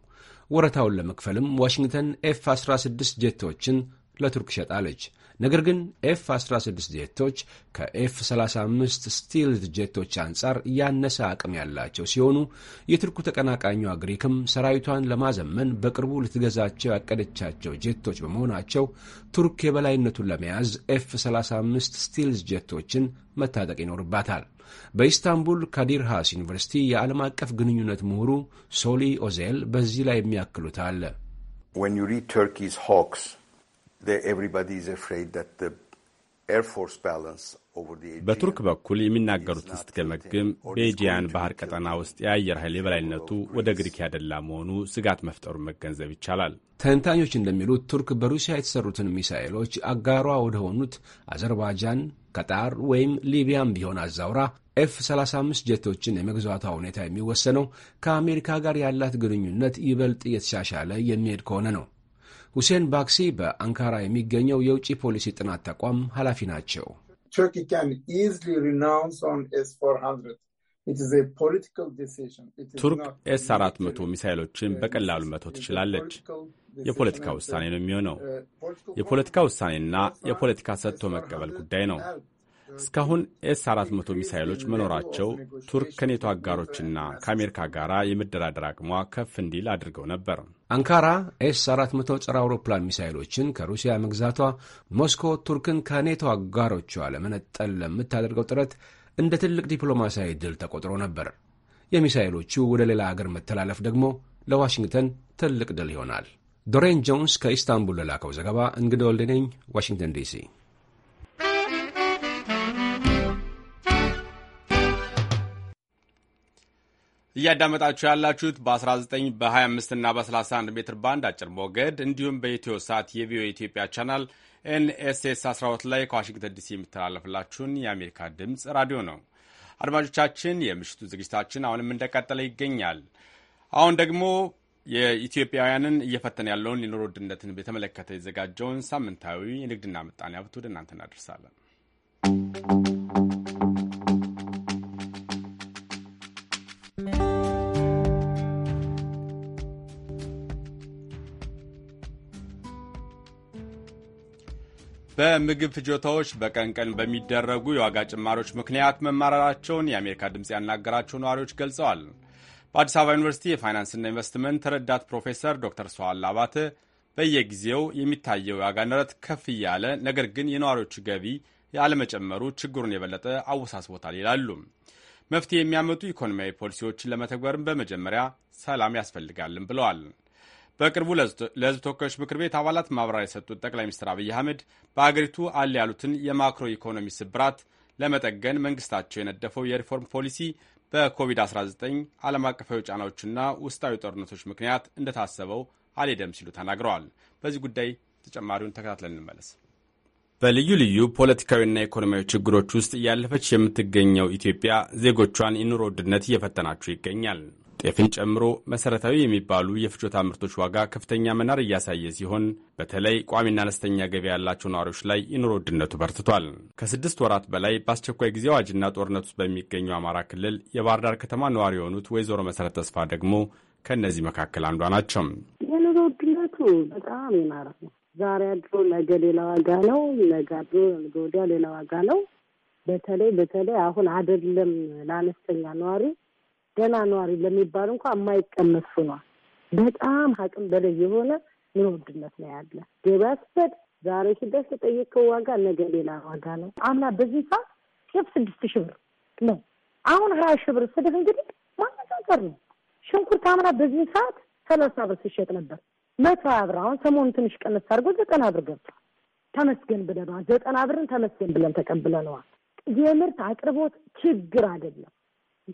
ወረታውን ለመክፈልም ዋሽንግተን ኤፍ 16 ጄቶችን ለቱርክ ሸጣለች። ነገር ግን ኤፍ 16 ጄቶች ከኤፍ 35 ስቲልድ ጄቶች አንጻር ያነሰ አቅም ያላቸው ሲሆኑ የቱርኩ ተቀናቃኟ ግሪክም ሰራዊቷን ለማዘመን በቅርቡ ልትገዛቸው ያቀደቻቸው ጄቶች በመሆናቸው ቱርክ የበላይነቱን ለመያዝ ኤፍ 35 ስቲልዝ ጄቶችን መታጠቅ ይኖርባታል። በኢስታንቡል ካዲርሃስ ዩኒቨርሲቲ የዓለም አቀፍ ግንኙነት ምሁሩ ሶሊ ኦዜል በዚህ ላይ የሚያክሉት አለ። በቱርክ በኩል የሚናገሩት ስትገመግም በኤጂያን ባህር ቀጠና ውስጥ የአየር ኃይል የበላይነቱ ወደ ግሪክ ያደላ መሆኑ ስጋት መፍጠሩን መገንዘብ ይቻላል። ተንታኞች እንደሚሉት ቱርክ በሩሲያ የተሰሩትን ሚሳኤሎች አጋሯ ወደሆኑት አዘርባጃን ቀጣር ወይም ሊቢያም ቢሆን አዛውራ ኤፍ 35 ጀቶችን የመግዛቷ ሁኔታ የሚወሰነው ከአሜሪካ ጋር ያላት ግንኙነት ይበልጥ እየተሻሻለ የሚሄድ ከሆነ ነው። ሁሴን ባክሲ በአንካራ የሚገኘው የውጭ ፖሊሲ ጥናት ተቋም ኃላፊ ናቸው። ቱርክ ኤስ 400 ሚሳይሎችን በቀላሉ መተው ትችላለች። የፖለቲካ ውሳኔ ነው የሚሆነው። uh, የፖለቲካ ውሳኔና የፖለቲካ ሰጥቶ መቀበል ጉዳይ ነው። እስካሁን ኤስ 400 ሚሳይሎች መኖራቸው ቱርክ ከኔቶ አጋሮችና ከአሜሪካ ጋር የመደራደር አቅሟ ከፍ እንዲል አድርገው ነበር። አንካራ ኤስ 400 ጸረ አውሮፕላን ሚሳይሎችን ከሩሲያ መግዛቷ ሞስኮ ቱርክን ከኔቶ አጋሮቿ ለመነጠል ለምታደርገው ጥረት እንደ ትልቅ ዲፕሎማሲያዊ ድል ተቆጥሮ ነበር። የሚሳይሎቹ ወደ ሌላ አገር መተላለፍ ደግሞ ለዋሽንግተን ትልቅ ድል ይሆናል። ዶሬን ጆንስ ከኢስታንቡል ለላከው ዘገባ እንግዳ ወልደነኝ ዋሽንግተን ዲሲ እያዳመጣችሁ ያላችሁት በ19 በ25 እና በ31 ሜትር ባንድ አጭር ሞገድ እንዲሁም በኢትዮ ሳት የቪኦኤ ኢትዮጵያ ቻናል ኤንኤስኤስ 12 ላይ ከዋሽንግተን ዲሲ የሚተላለፍላችሁን የአሜሪካ ድምፅ ራዲዮ ነው። አድማጮቻችን፣ የምሽቱ ዝግጅታችን አሁንም እንደቀጠለ ይገኛል። አሁን ደግሞ የኢትዮጵያውያንን እየፈተነ ያለውን የኑሮ ውድነትን በተመለከተ የተዘጋጀውን ሳምንታዊ የንግድና ምጣኔ ሀብት ወደ እናንተ እናደርሳለን። በምግብ ፍጆታዎች በቀን ቀን በሚደረጉ የዋጋ ጭማሪዎች ምክንያት መማረራቸውን የአሜሪካ ድምፅ ያናገራቸው ነዋሪዎች ገልጸዋል። በአዲስ አበባ ዩኒቨርሲቲ የፋይናንስና ኢንቨስትመንት ረዳት ፕሮፌሰር ዶክተር ሰዋላ አባተ በየጊዜው የሚታየው የዋጋ ንረት ከፍ እያለ ነገር ግን የነዋሪዎቹ ገቢ ያለመጨመሩ ችግሩን የበለጠ አወሳስቦታል ይላሉ። መፍትሄ የሚያመጡ ኢኮኖሚያዊ ፖሊሲዎችን ለመተግበርም በመጀመሪያ ሰላም ያስፈልጋልን ብለዋል። በቅርቡ ለህዝብ ተወካዮች ምክር ቤት አባላት ማብራሪያ የሰጡት ጠቅላይ ሚኒስትር አብይ አህመድ በአገሪቱ አለ ያሉትን የማክሮ ኢኮኖሚ ስብራት ለመጠገን መንግስታቸው የነደፈው የሪፎርም ፖሊሲ በኮቪድ-19 ዓለም አቀፋዊ ጫናዎችና ውስጣዊ ጦርነቶች ምክንያት እንደታሰበው አልሄደም ሲሉ ተናግረዋል። በዚህ ጉዳይ ተጨማሪውን ተከታትለን እንመለስ። በልዩ ልዩ ፖለቲካዊና ኢኮኖሚያዊ ችግሮች ውስጥ እያለፈች የምትገኘው ኢትዮጵያ ዜጎቿን የኑሮ ውድነት እየፈተናቸው ይገኛል። ጤፍን ጨምሮ መሰረታዊ የሚባሉ የፍጆታ ምርቶች ዋጋ ከፍተኛ መናር እያሳየ ሲሆን በተለይ ቋሚና አነስተኛ ገቢ ያላቸው ነዋሪዎች ላይ የኑሮ ውድነቱ በርትቷል። ከስድስት ወራት በላይ በአስቸኳይ ጊዜ አዋጅና ጦርነት ውስጥ በሚገኘው አማራ ክልል የባህር ዳር ከተማ ነዋሪ የሆኑት ወይዘሮ መሰረት ተስፋ ደግሞ ከእነዚህ መካከል አንዷ ናቸው። የኑሮ ውድነቱ በጣም የናረ ነው። ዛሬ አድሮ ነገ ሌላ ዋጋ ነው፣ ነገ አድሮ ወዲያ ሌላ ዋጋ ነው። በተለይ በተለይ አሁን አይደለም ለአነስተኛ ነዋሪ ደህና ነዋሪ ለሚባል እንኳ የማይቀመስ ሆኗል። በጣም አቅም በላይ የሆነ ኑሮ ውድነት ነው ያለ። ገበያ ስትሄድ ዛሬ ሲደርስ የጠየቀው ዋጋ ነገ ሌላ ዋጋ ነው። አምና በዚህ ሰዓት ጤፍ ስድስት ሺህ ብር ነው፣ አሁን ሀያ ሺህ ብር እንግዲህ ማነጋገር ነው። ሽንኩርት አምና በዚህ ሰዓት ሰላሳ ብር ሲሸጥ ነበር፣ መቶ ሀያ ብር አሁን ሰሞኑ ትንሽ ቀነስ አድርጎ ዘጠና ብር ገብቷል። ተመስገን ብለነዋል። ዘጠና ብርን ተመስገን ብለን ተቀብለነዋል። የምርት አቅርቦት ችግር አይደለም።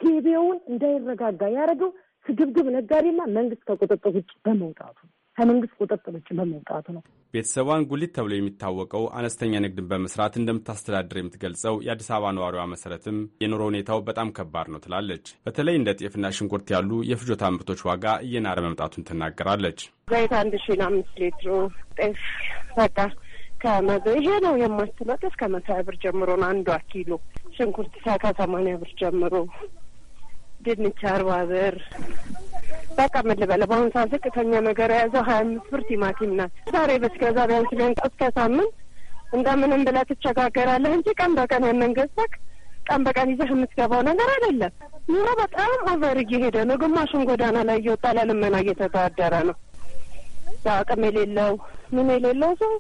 ገበያውን እንዳይረጋጋ ያደረገው ስግብግብ ነጋዴማ መንግስት ከቁጥጥር ውጭ በመውጣቱ ከመንግስት ቁጥጥር ውጭ በመውጣቱ ነው። ቤተሰቧን ጉሊት ተብሎ የሚታወቀው አነስተኛ ንግድን በመስራት እንደምታስተዳድር የምትገልጸው የአዲስ አበባ ነዋሪዋ መሰረትም የኑሮ ሁኔታው በጣም ከባድ ነው ትላለች። በተለይ እንደ ጤፍና ሽንኩርት ያሉ የፍጆታ ምርቶች ዋጋ እየናረ መምጣቱን ትናገራለች። ዘይት አንድ ሺን አምስት ሊትሩ ጤፍ በቃ ከመዘ ይሄ ነው የማትለው ጤፍ ብር ጀምሮ ነው አንዷ ኪሎ ሽንኩርት ከሰማንያ ብር ጀምሮ ድንች አርባ ብር በቃ ምን ልበለ በአሁኑ ሰዓት ዝቅተኛ ነገር የያዘው ሀያ አምስት ብር ቲማቲም ናት። ዛሬ በስገዛ ቢያንስ ቢያንስ እስከ ሳምንት እንደምንም ብለህ ትቸጋገራለህ እንጂ ቀን በቀን ያንን ገዛክ ቀን በቀን ይዘህ የምትገባው ነገር አይደለም። ኑሮ በጣም ኦቨር እየሄደ ነው። ግማሹን ጎዳና ላይ እየወጣ ለልመና እየተዳደረ ነው። አቅም የሌለው ምን የሌለው ሰው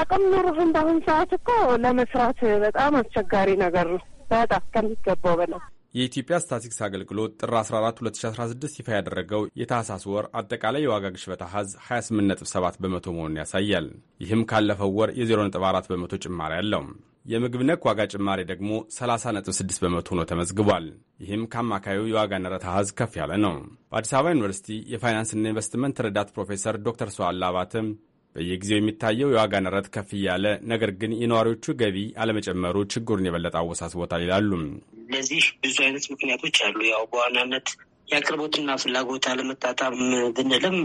አቅም ኑሮህን በአሁኑ ሰዓት እኮ ለመስራት በጣም አስቸጋሪ ነገር ነው። በጣም ከሚገባው በላይ የኢትዮጵያ ስታቲስቲክስ አገልግሎት ጥር 14 2016 ይፋ ያደረገው የታህሳስ ወር አጠቃላይ የዋጋ ግሽበት አሐዝ 28.7 በመቶ መሆኑን ያሳያል። ይህም ካለፈው ወር የ0.4 በመቶ ጭማሪ አለው። የምግብ ነክ ዋጋ ጭማሪ ደግሞ 30.6 በመቶ ሆኖ ተመዝግቧል። ይህም ከአማካዩ የዋጋ ንረት አሐዝ ከፍ ያለ ነው። በአዲስ አበባ ዩኒቨርሲቲ የፋይናንስና ኢንቨስትመንት ረዳት ፕሮፌሰር ዶክተር ሰዋላ አባትም በየጊዜው የሚታየው የዋጋ ንረት ከፍ እያለ ነገር ግን የነዋሪዎቹ ገቢ አለመጨመሩ ችግሩን የበለጠ አወሳስቦታል ይላሉ። ለዚህ ብዙ አይነት ምክንያቶች አሉ። ያው በዋናነት የአቅርቦትና ፍላጎት አለመጣጣም ብንልም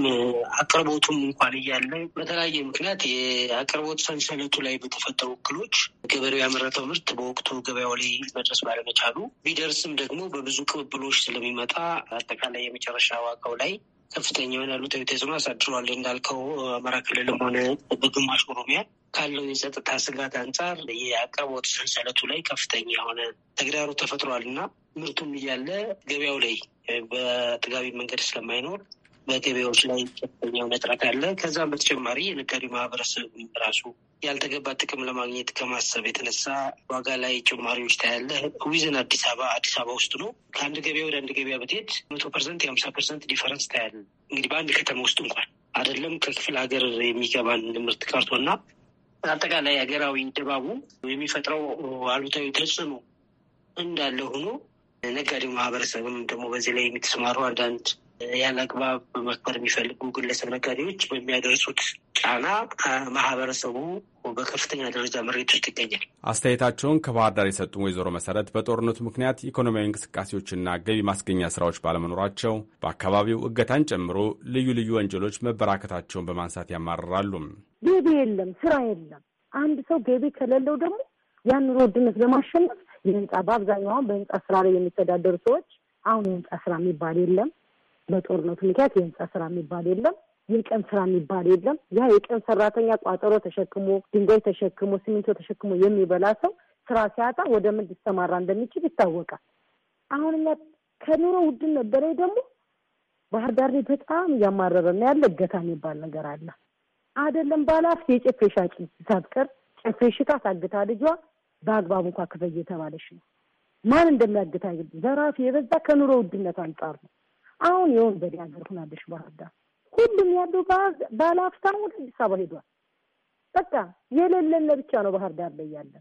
አቅርቦቱም እንኳን እያለ በተለያየ ምክንያት የአቅርቦት ሰንሰለቱ ላይ በተፈጠሩ እክሎች ገበሬው ያመረተው ምርት በወቅቱ ገበያው ላይ መድረስ ባለመቻሉ ቢደርስም ደግሞ በብዙ ቅብብሎች ስለሚመጣ አጠቃላይ የመጨረሻ ዋጋው ላይ ከፍተኛ የሆነ አሉታዊ ተጽዕኖ አሳድረዋል። እንዳልከው አማራ ክልልም ሆነ በግማሽ ኦሮሚያ ካለው የጸጥታ ስጋት አንጻር የአቅርቦት ሰንሰለቱ ላይ ከፍተኛ የሆነ ተግዳሮ ተፈጥሯል እና ምርቱም እያለ ገበያው ላይ በጥጋቢ መንገድ ስለማይኖር በገበያዎች ላይ ከፍተኛ የሆነ ጥረት አለ። ከዛም በተጨማሪ የነጋዴ ማህበረሰብ ራሱ ያልተገባ ጥቅም ለማግኘት ከማሰብ የተነሳ ዋጋ ላይ ጭማሪዎች ታያለ። ዊዝን አዲስ አበባ አዲስ አበባ ውስጥ ነው። ከአንድ ገበያ ወደ አንድ ገበያ ብትሄድ መቶ ፐርሰንት የሀምሳ ፐርሰንት ዲፈረንስ ታያለ። እንግዲህ በአንድ ከተማ ውስጥ እንኳን አይደለም ከክፍለ ሀገር የሚገባን ምርት ቀርቶና አጠቃላይ ሀገራዊ ድባቡ የሚፈጥረው አሉታዊ ተጽዕኖ እንዳለ ሆኖ ነጋዴው ማህበረሰብም ደግሞ በዚህ ላይ የሚተሰማሩ አንዳንድ ያለ አግባብ መክበር የሚፈልጉ ግለሰብ ነጋዴዎች በሚያደርሱት ጫና ከማህበረሰቡ በከፍተኛ ደረጃ መሬት ውስጥ ይገኛል። አስተያየታቸውን ከባህር ዳር የሰጡ ወይዘሮ መሰረት በጦርነቱ ምክንያት ኢኮኖሚያዊ እንቅስቃሴዎችና ገቢ ማስገኛ ስራዎች ባለመኖራቸው በአካባቢው እገታን ጨምሮ ልዩ ልዩ ወንጀሎች መበራከታቸውን በማንሳት ያማርራሉ። ገቢ የለም፣ ስራ የለም። አንድ ሰው ገቢ ከሌለው ደግሞ ያን ኑሮ ውድነት ለማሸነፍ የህንፃ በአብዛኛውን በህንፃ ስራ ላይ የሚተዳደሩ ሰዎች አሁን የህንፃ ስራ የሚባል የለም በጦርነቱ ምክንያት የህንፃ ስራ የሚባል የለም። የቀን ስራ የሚባል የለም። ያ የቀን ሰራተኛ ቋጠሮ ተሸክሞ ድንጋይ ተሸክሞ ሲሚንቶ ተሸክሞ የሚበላ ሰው ስራ ሲያጣ ወደ ምን ሊሰማራ እንደሚችል ይታወቃል። አሁን ከኑሮ ውድነት በላይ ደግሞ ባህር ዳር ላይ በጣም እያማረበና ያለ እገታ የሚባል ነገር አለ አይደለም። ባለሀብት የጨፌ ሻጭ ሳትቀር ጨፌ ሽታ ታግታ ልጇ በአግባቡ እንኳ ክፈይ ነው። ማን እንደሚያግታ ዘራፊ የበዛ ከኑሮ ውድነት አንጻር ነው። አሁን የወንበዴ ሀገር ሆናለች ባህር ዳር። ሁሉም ያለው ባለሀብታም ወደ አዲስ አበባ ሄዷል። በቃ የሌለነ ብቻ ነው ባህር ዳር ላይ ያለ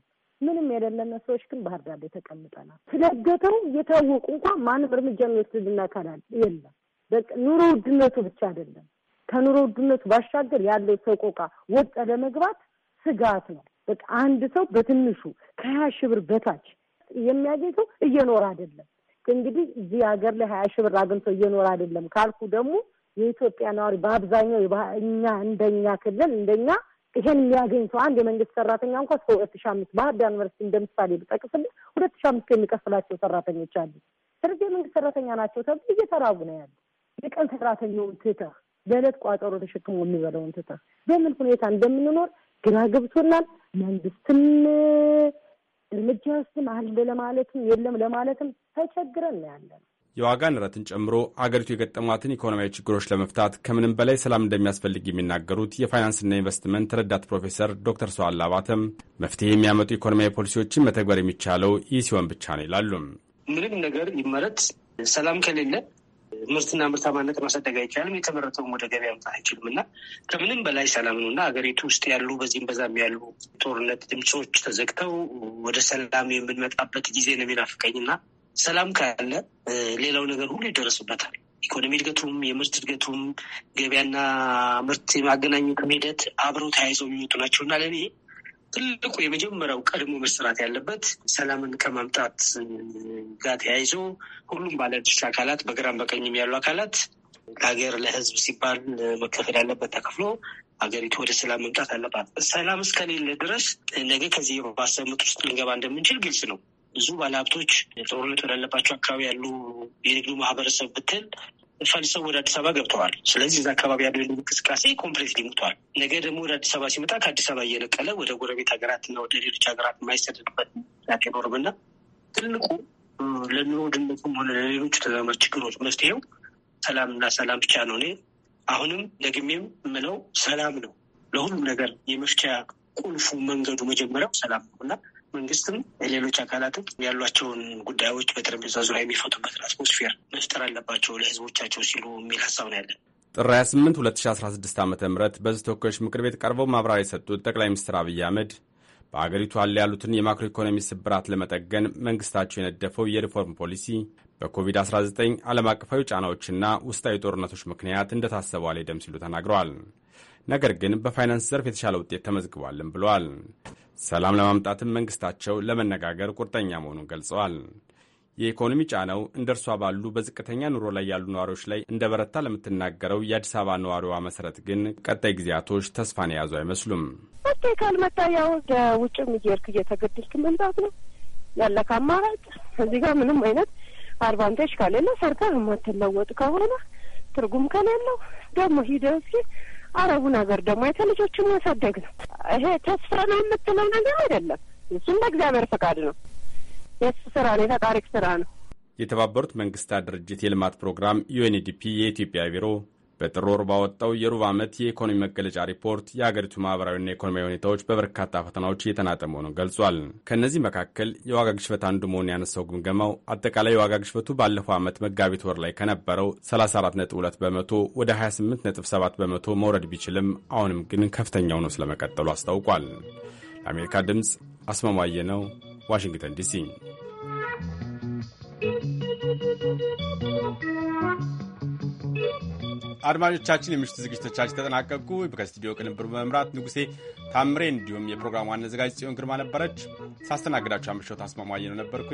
ምንም የሌለነ ሰዎች ግን ባህር ዳር ላይ ተቀምጠናል። ስለገተው እየታወቁ እንኳን ማንም እርምጃ የሚወስድልን አካል የለም። በቃ ኑሮ ውድነቱ ብቻ አይደለም፣ ከኑሮ ውድነቱ ባሻገር ያለው ሰቆቃ ወጠ ለመግባት ስጋት ነው። በቃ አንድ ሰው በትንሹ ከሀያ ሺህ ብር በታች የሚያገኝ ሰው እየኖረ አይደለም። እንግዲህ እዚህ ሀገር ላይ ሀያ ሺህ ብር አግኝቶ እየኖር አይደለም ካልኩ ደግሞ የኢትዮጵያ ነዋሪ በአብዛኛው እኛ እንደኛ ክልል እንደኛ ይሄን የሚያገኝ ሰው አንድ የመንግስት ሰራተኛ እንኳ እስከ ሁለት ሺ አምስት ባህር ዳር ዩኒቨርሲቲ እንደምሳሌ ብጠቅስል ሁለት ሺ አምስት የሚከፍላቸው ሰራተኞች አሉ። ስለዚህ የመንግስት ሰራተኛ ናቸው ተብሎ እየተራቡ ነው ያሉ። የቀን ሰራተኛውን ትተህ በዕለት ቋጠሮ ተሸክሞ የሚበላውን ትተህ በምን ሁኔታ እንደምንኖር ግራ ገብቶናል። መንግስትም እርምጃ ውስጥም ለማለትም የለም ለማለትም ተቸግረን ነው ያለ ነው። የዋጋ ንረትን ጨምሮ አገሪቱ የገጠሟትን ኢኮኖሚያዊ ችግሮች ለመፍታት ከምንም በላይ ሰላም እንደሚያስፈልግ የሚናገሩት የፋይናንስና ኢንቨስትመንት ረዳት ፕሮፌሰር ዶክተር ሰዋላ አባተም መፍትሄ የሚያመጡ ኢኮኖሚያዊ ፖሊሲዎችን መተግበር የሚቻለው ይህ ሲሆን ብቻ ነው ይላሉ። ምንም ነገር ይመረጥ ሰላም ከሌለ ምርትና ምርታማነት ማሳደግ አይቻልም። የተመረተውን ወደ ገበያ መምጣት አይችልም እና ከምንም በላይ ሰላም ነው እና ሀገሪቱ ውስጥ ያሉ በዚህም በዛም ያሉ ጦርነት ድምፆች ተዘግተው ወደ ሰላም የምንመጣበት ጊዜ ነው የሚናፍቀኝ እና ሰላም ካለ ሌላው ነገር ሁሉ ይደረስበታል። ኢኮኖሚ እድገቱም የምርት እድገቱም ገበያና ምርት የማገናኘት ሂደት አብረው ተያይዘው የሚወጡ ናቸው እና ለእኔ ትልቁ የመጀመሪያው ቀድሞ መሰራት ያለበት ሰላምን ከማምጣት ጋር ተያይዞ ሁሉም ባለድርሻ አካላት በግራም በቀኝም ያሉ አካላት ለሀገር ለህዝብ ሲባል መከፈል ያለበት ተከፍሎ ሀገሪቱ ወደ ሰላም መምጣት አለባት። ሰላም እስከሌለ ድረስ ነገ ከዚህ የባሰ ምጥ ውስጥ ልንገባ እንደምንችል ግልጽ ነው። ብዙ ባለሀብቶች ጦርነት ወዳለባቸው አካባቢ ያሉ የንግዱ ማህበረሰብ ብትል ፈልሰው ወደ አዲስ አበባ ገብተዋል። ስለዚህ እዛ አካባቢ ያለው እንቅስቃሴ ኮምፕሌት ሞቷል። ነገ ደግሞ ወደ አዲስ አበባ ሲመጣ ከአዲስ አበባ እየነቀለ ወደ ጎረቤት ሀገራትና ወደ ሌሎች ሀገራት የማይሰደድበት ያቄ ኖርምና ትልቁ ለኑሮ ድነቱም ሆነ ለሌሎች ተዛማጅ ችግሮች መፍትሄው ሰላምና ሰላም ብቻ ነው። እኔ አሁንም ደግሜም የምለው ሰላም ነው ለሁሉም ነገር የመፍቻ ቁልፉ መንገዱ መጀመሪያው ሰላም ነው እና መንግስትም ሌሎች አካላትም ያሏቸውን ጉዳዮች በጠረጴዛ ዙሪያ የሚፈቱበትን አትሞስፌር መፍጠር አለባቸው ለህዝቦቻቸው ሲሉ የሚል ሀሳብ ነው ያለን። ጥር 28 2016 ዓ ም በዚህ ተወካዮች ምክር ቤት ቀርበው ማብራሪያ የሰጡት ጠቅላይ ሚኒስትር አብይ አህመድ በአገሪቱ አለ ያሉትን የማክሮ ኢኮኖሚ ስብራት ለመጠገን መንግስታቸው የነደፈው የሪፎርም ፖሊሲ በኮቪድ-19 ዓለም አቀፋዊ ጫናዎችና ውስጣዊ ጦርነቶች ምክንያት እንደታሰበው አልሄደም ሲሉ ተናግረዋል። ነገር ግን በፋይናንስ ዘርፍ የተሻለ ውጤት ተመዝግቧልም ብለዋል። ሰላም ለማምጣትም መንግስታቸው ለመነጋገር ቁርጠኛ መሆኑን ገልጸዋል። የኢኮኖሚ ጫናው እንደ እርሷ ባሉ በዝቅተኛ ኑሮ ላይ ያሉ ነዋሪዎች ላይ እንደ በረታ ለምትናገረው የአዲስ አበባ ነዋሪዋ መሰረት ግን ቀጣይ ጊዜያቶች ተስፋን የያዙ አይመስሉም። መፍትሄ ካልመጣ ያው ውጭም እየሄድክ እየተገደልክ መምጣት ነው ያለህ አማራጭ። እዚህ ጋር ምንም አይነት አድቫንቴጅ ከሌለ ሰርተህ የማትለወጥ ከሆነ ትርጉም ከሌለው ደግሞ ሂደህ እስኪ አረቡ ነገር ደግሞ የተልጆችን ማሳደግ ነው። ይሄ ተስፋ ነው የምትለው ነገር አይደለም። እሱም በእግዚአብሔር ፈቃድ ነው። የሱ ስራ ነው፣ የፈጣሪ ስራ ነው። የተባበሩት መንግስታት ድርጅት የልማት ፕሮግራም ዩኤንዲፒ የኢትዮጵያ ቢሮ በጥር ወር ባወጣው የሩብ ዓመት የኢኮኖሚ መገለጫ ሪፖርት የአገሪቱ ማኅበራዊና ኢኮኖሚያዊ ሁኔታዎች በበርካታ ፈተናዎች እየተናጠ መሆኑን ገልጿል። ከእነዚህ መካከል የዋጋ ግሽበት አንዱ መሆኑን ያነሳው ግምገማው አጠቃላይ የዋጋ ግሽበቱ ባለፈው ዓመት መጋቢት ወር ላይ ከነበረው 34.2 በመቶ ወደ 28.7 በመቶ መውረድ ቢችልም አሁንም ግን ከፍተኛው ነው ስለመቀጠሉ አስታውቋል። ለአሜሪካ ድምፅ አስማማየ ነው፣ ዋሽንግተን ዲሲ አድማጮቻችን፣ የምሽቱ ዝግጅቶቻችን ተጠናቀቁ። ከስቱዲዮ ቅንብር በመምራት ንጉሴ ታምሬ፣ እንዲሁም የፕሮግራሙ ዋና አዘጋጅ ጽዮን ግርማ ነበረች። ሳስተናግዳችሁ አምሾት አስማማየ ነው ነበርኩ።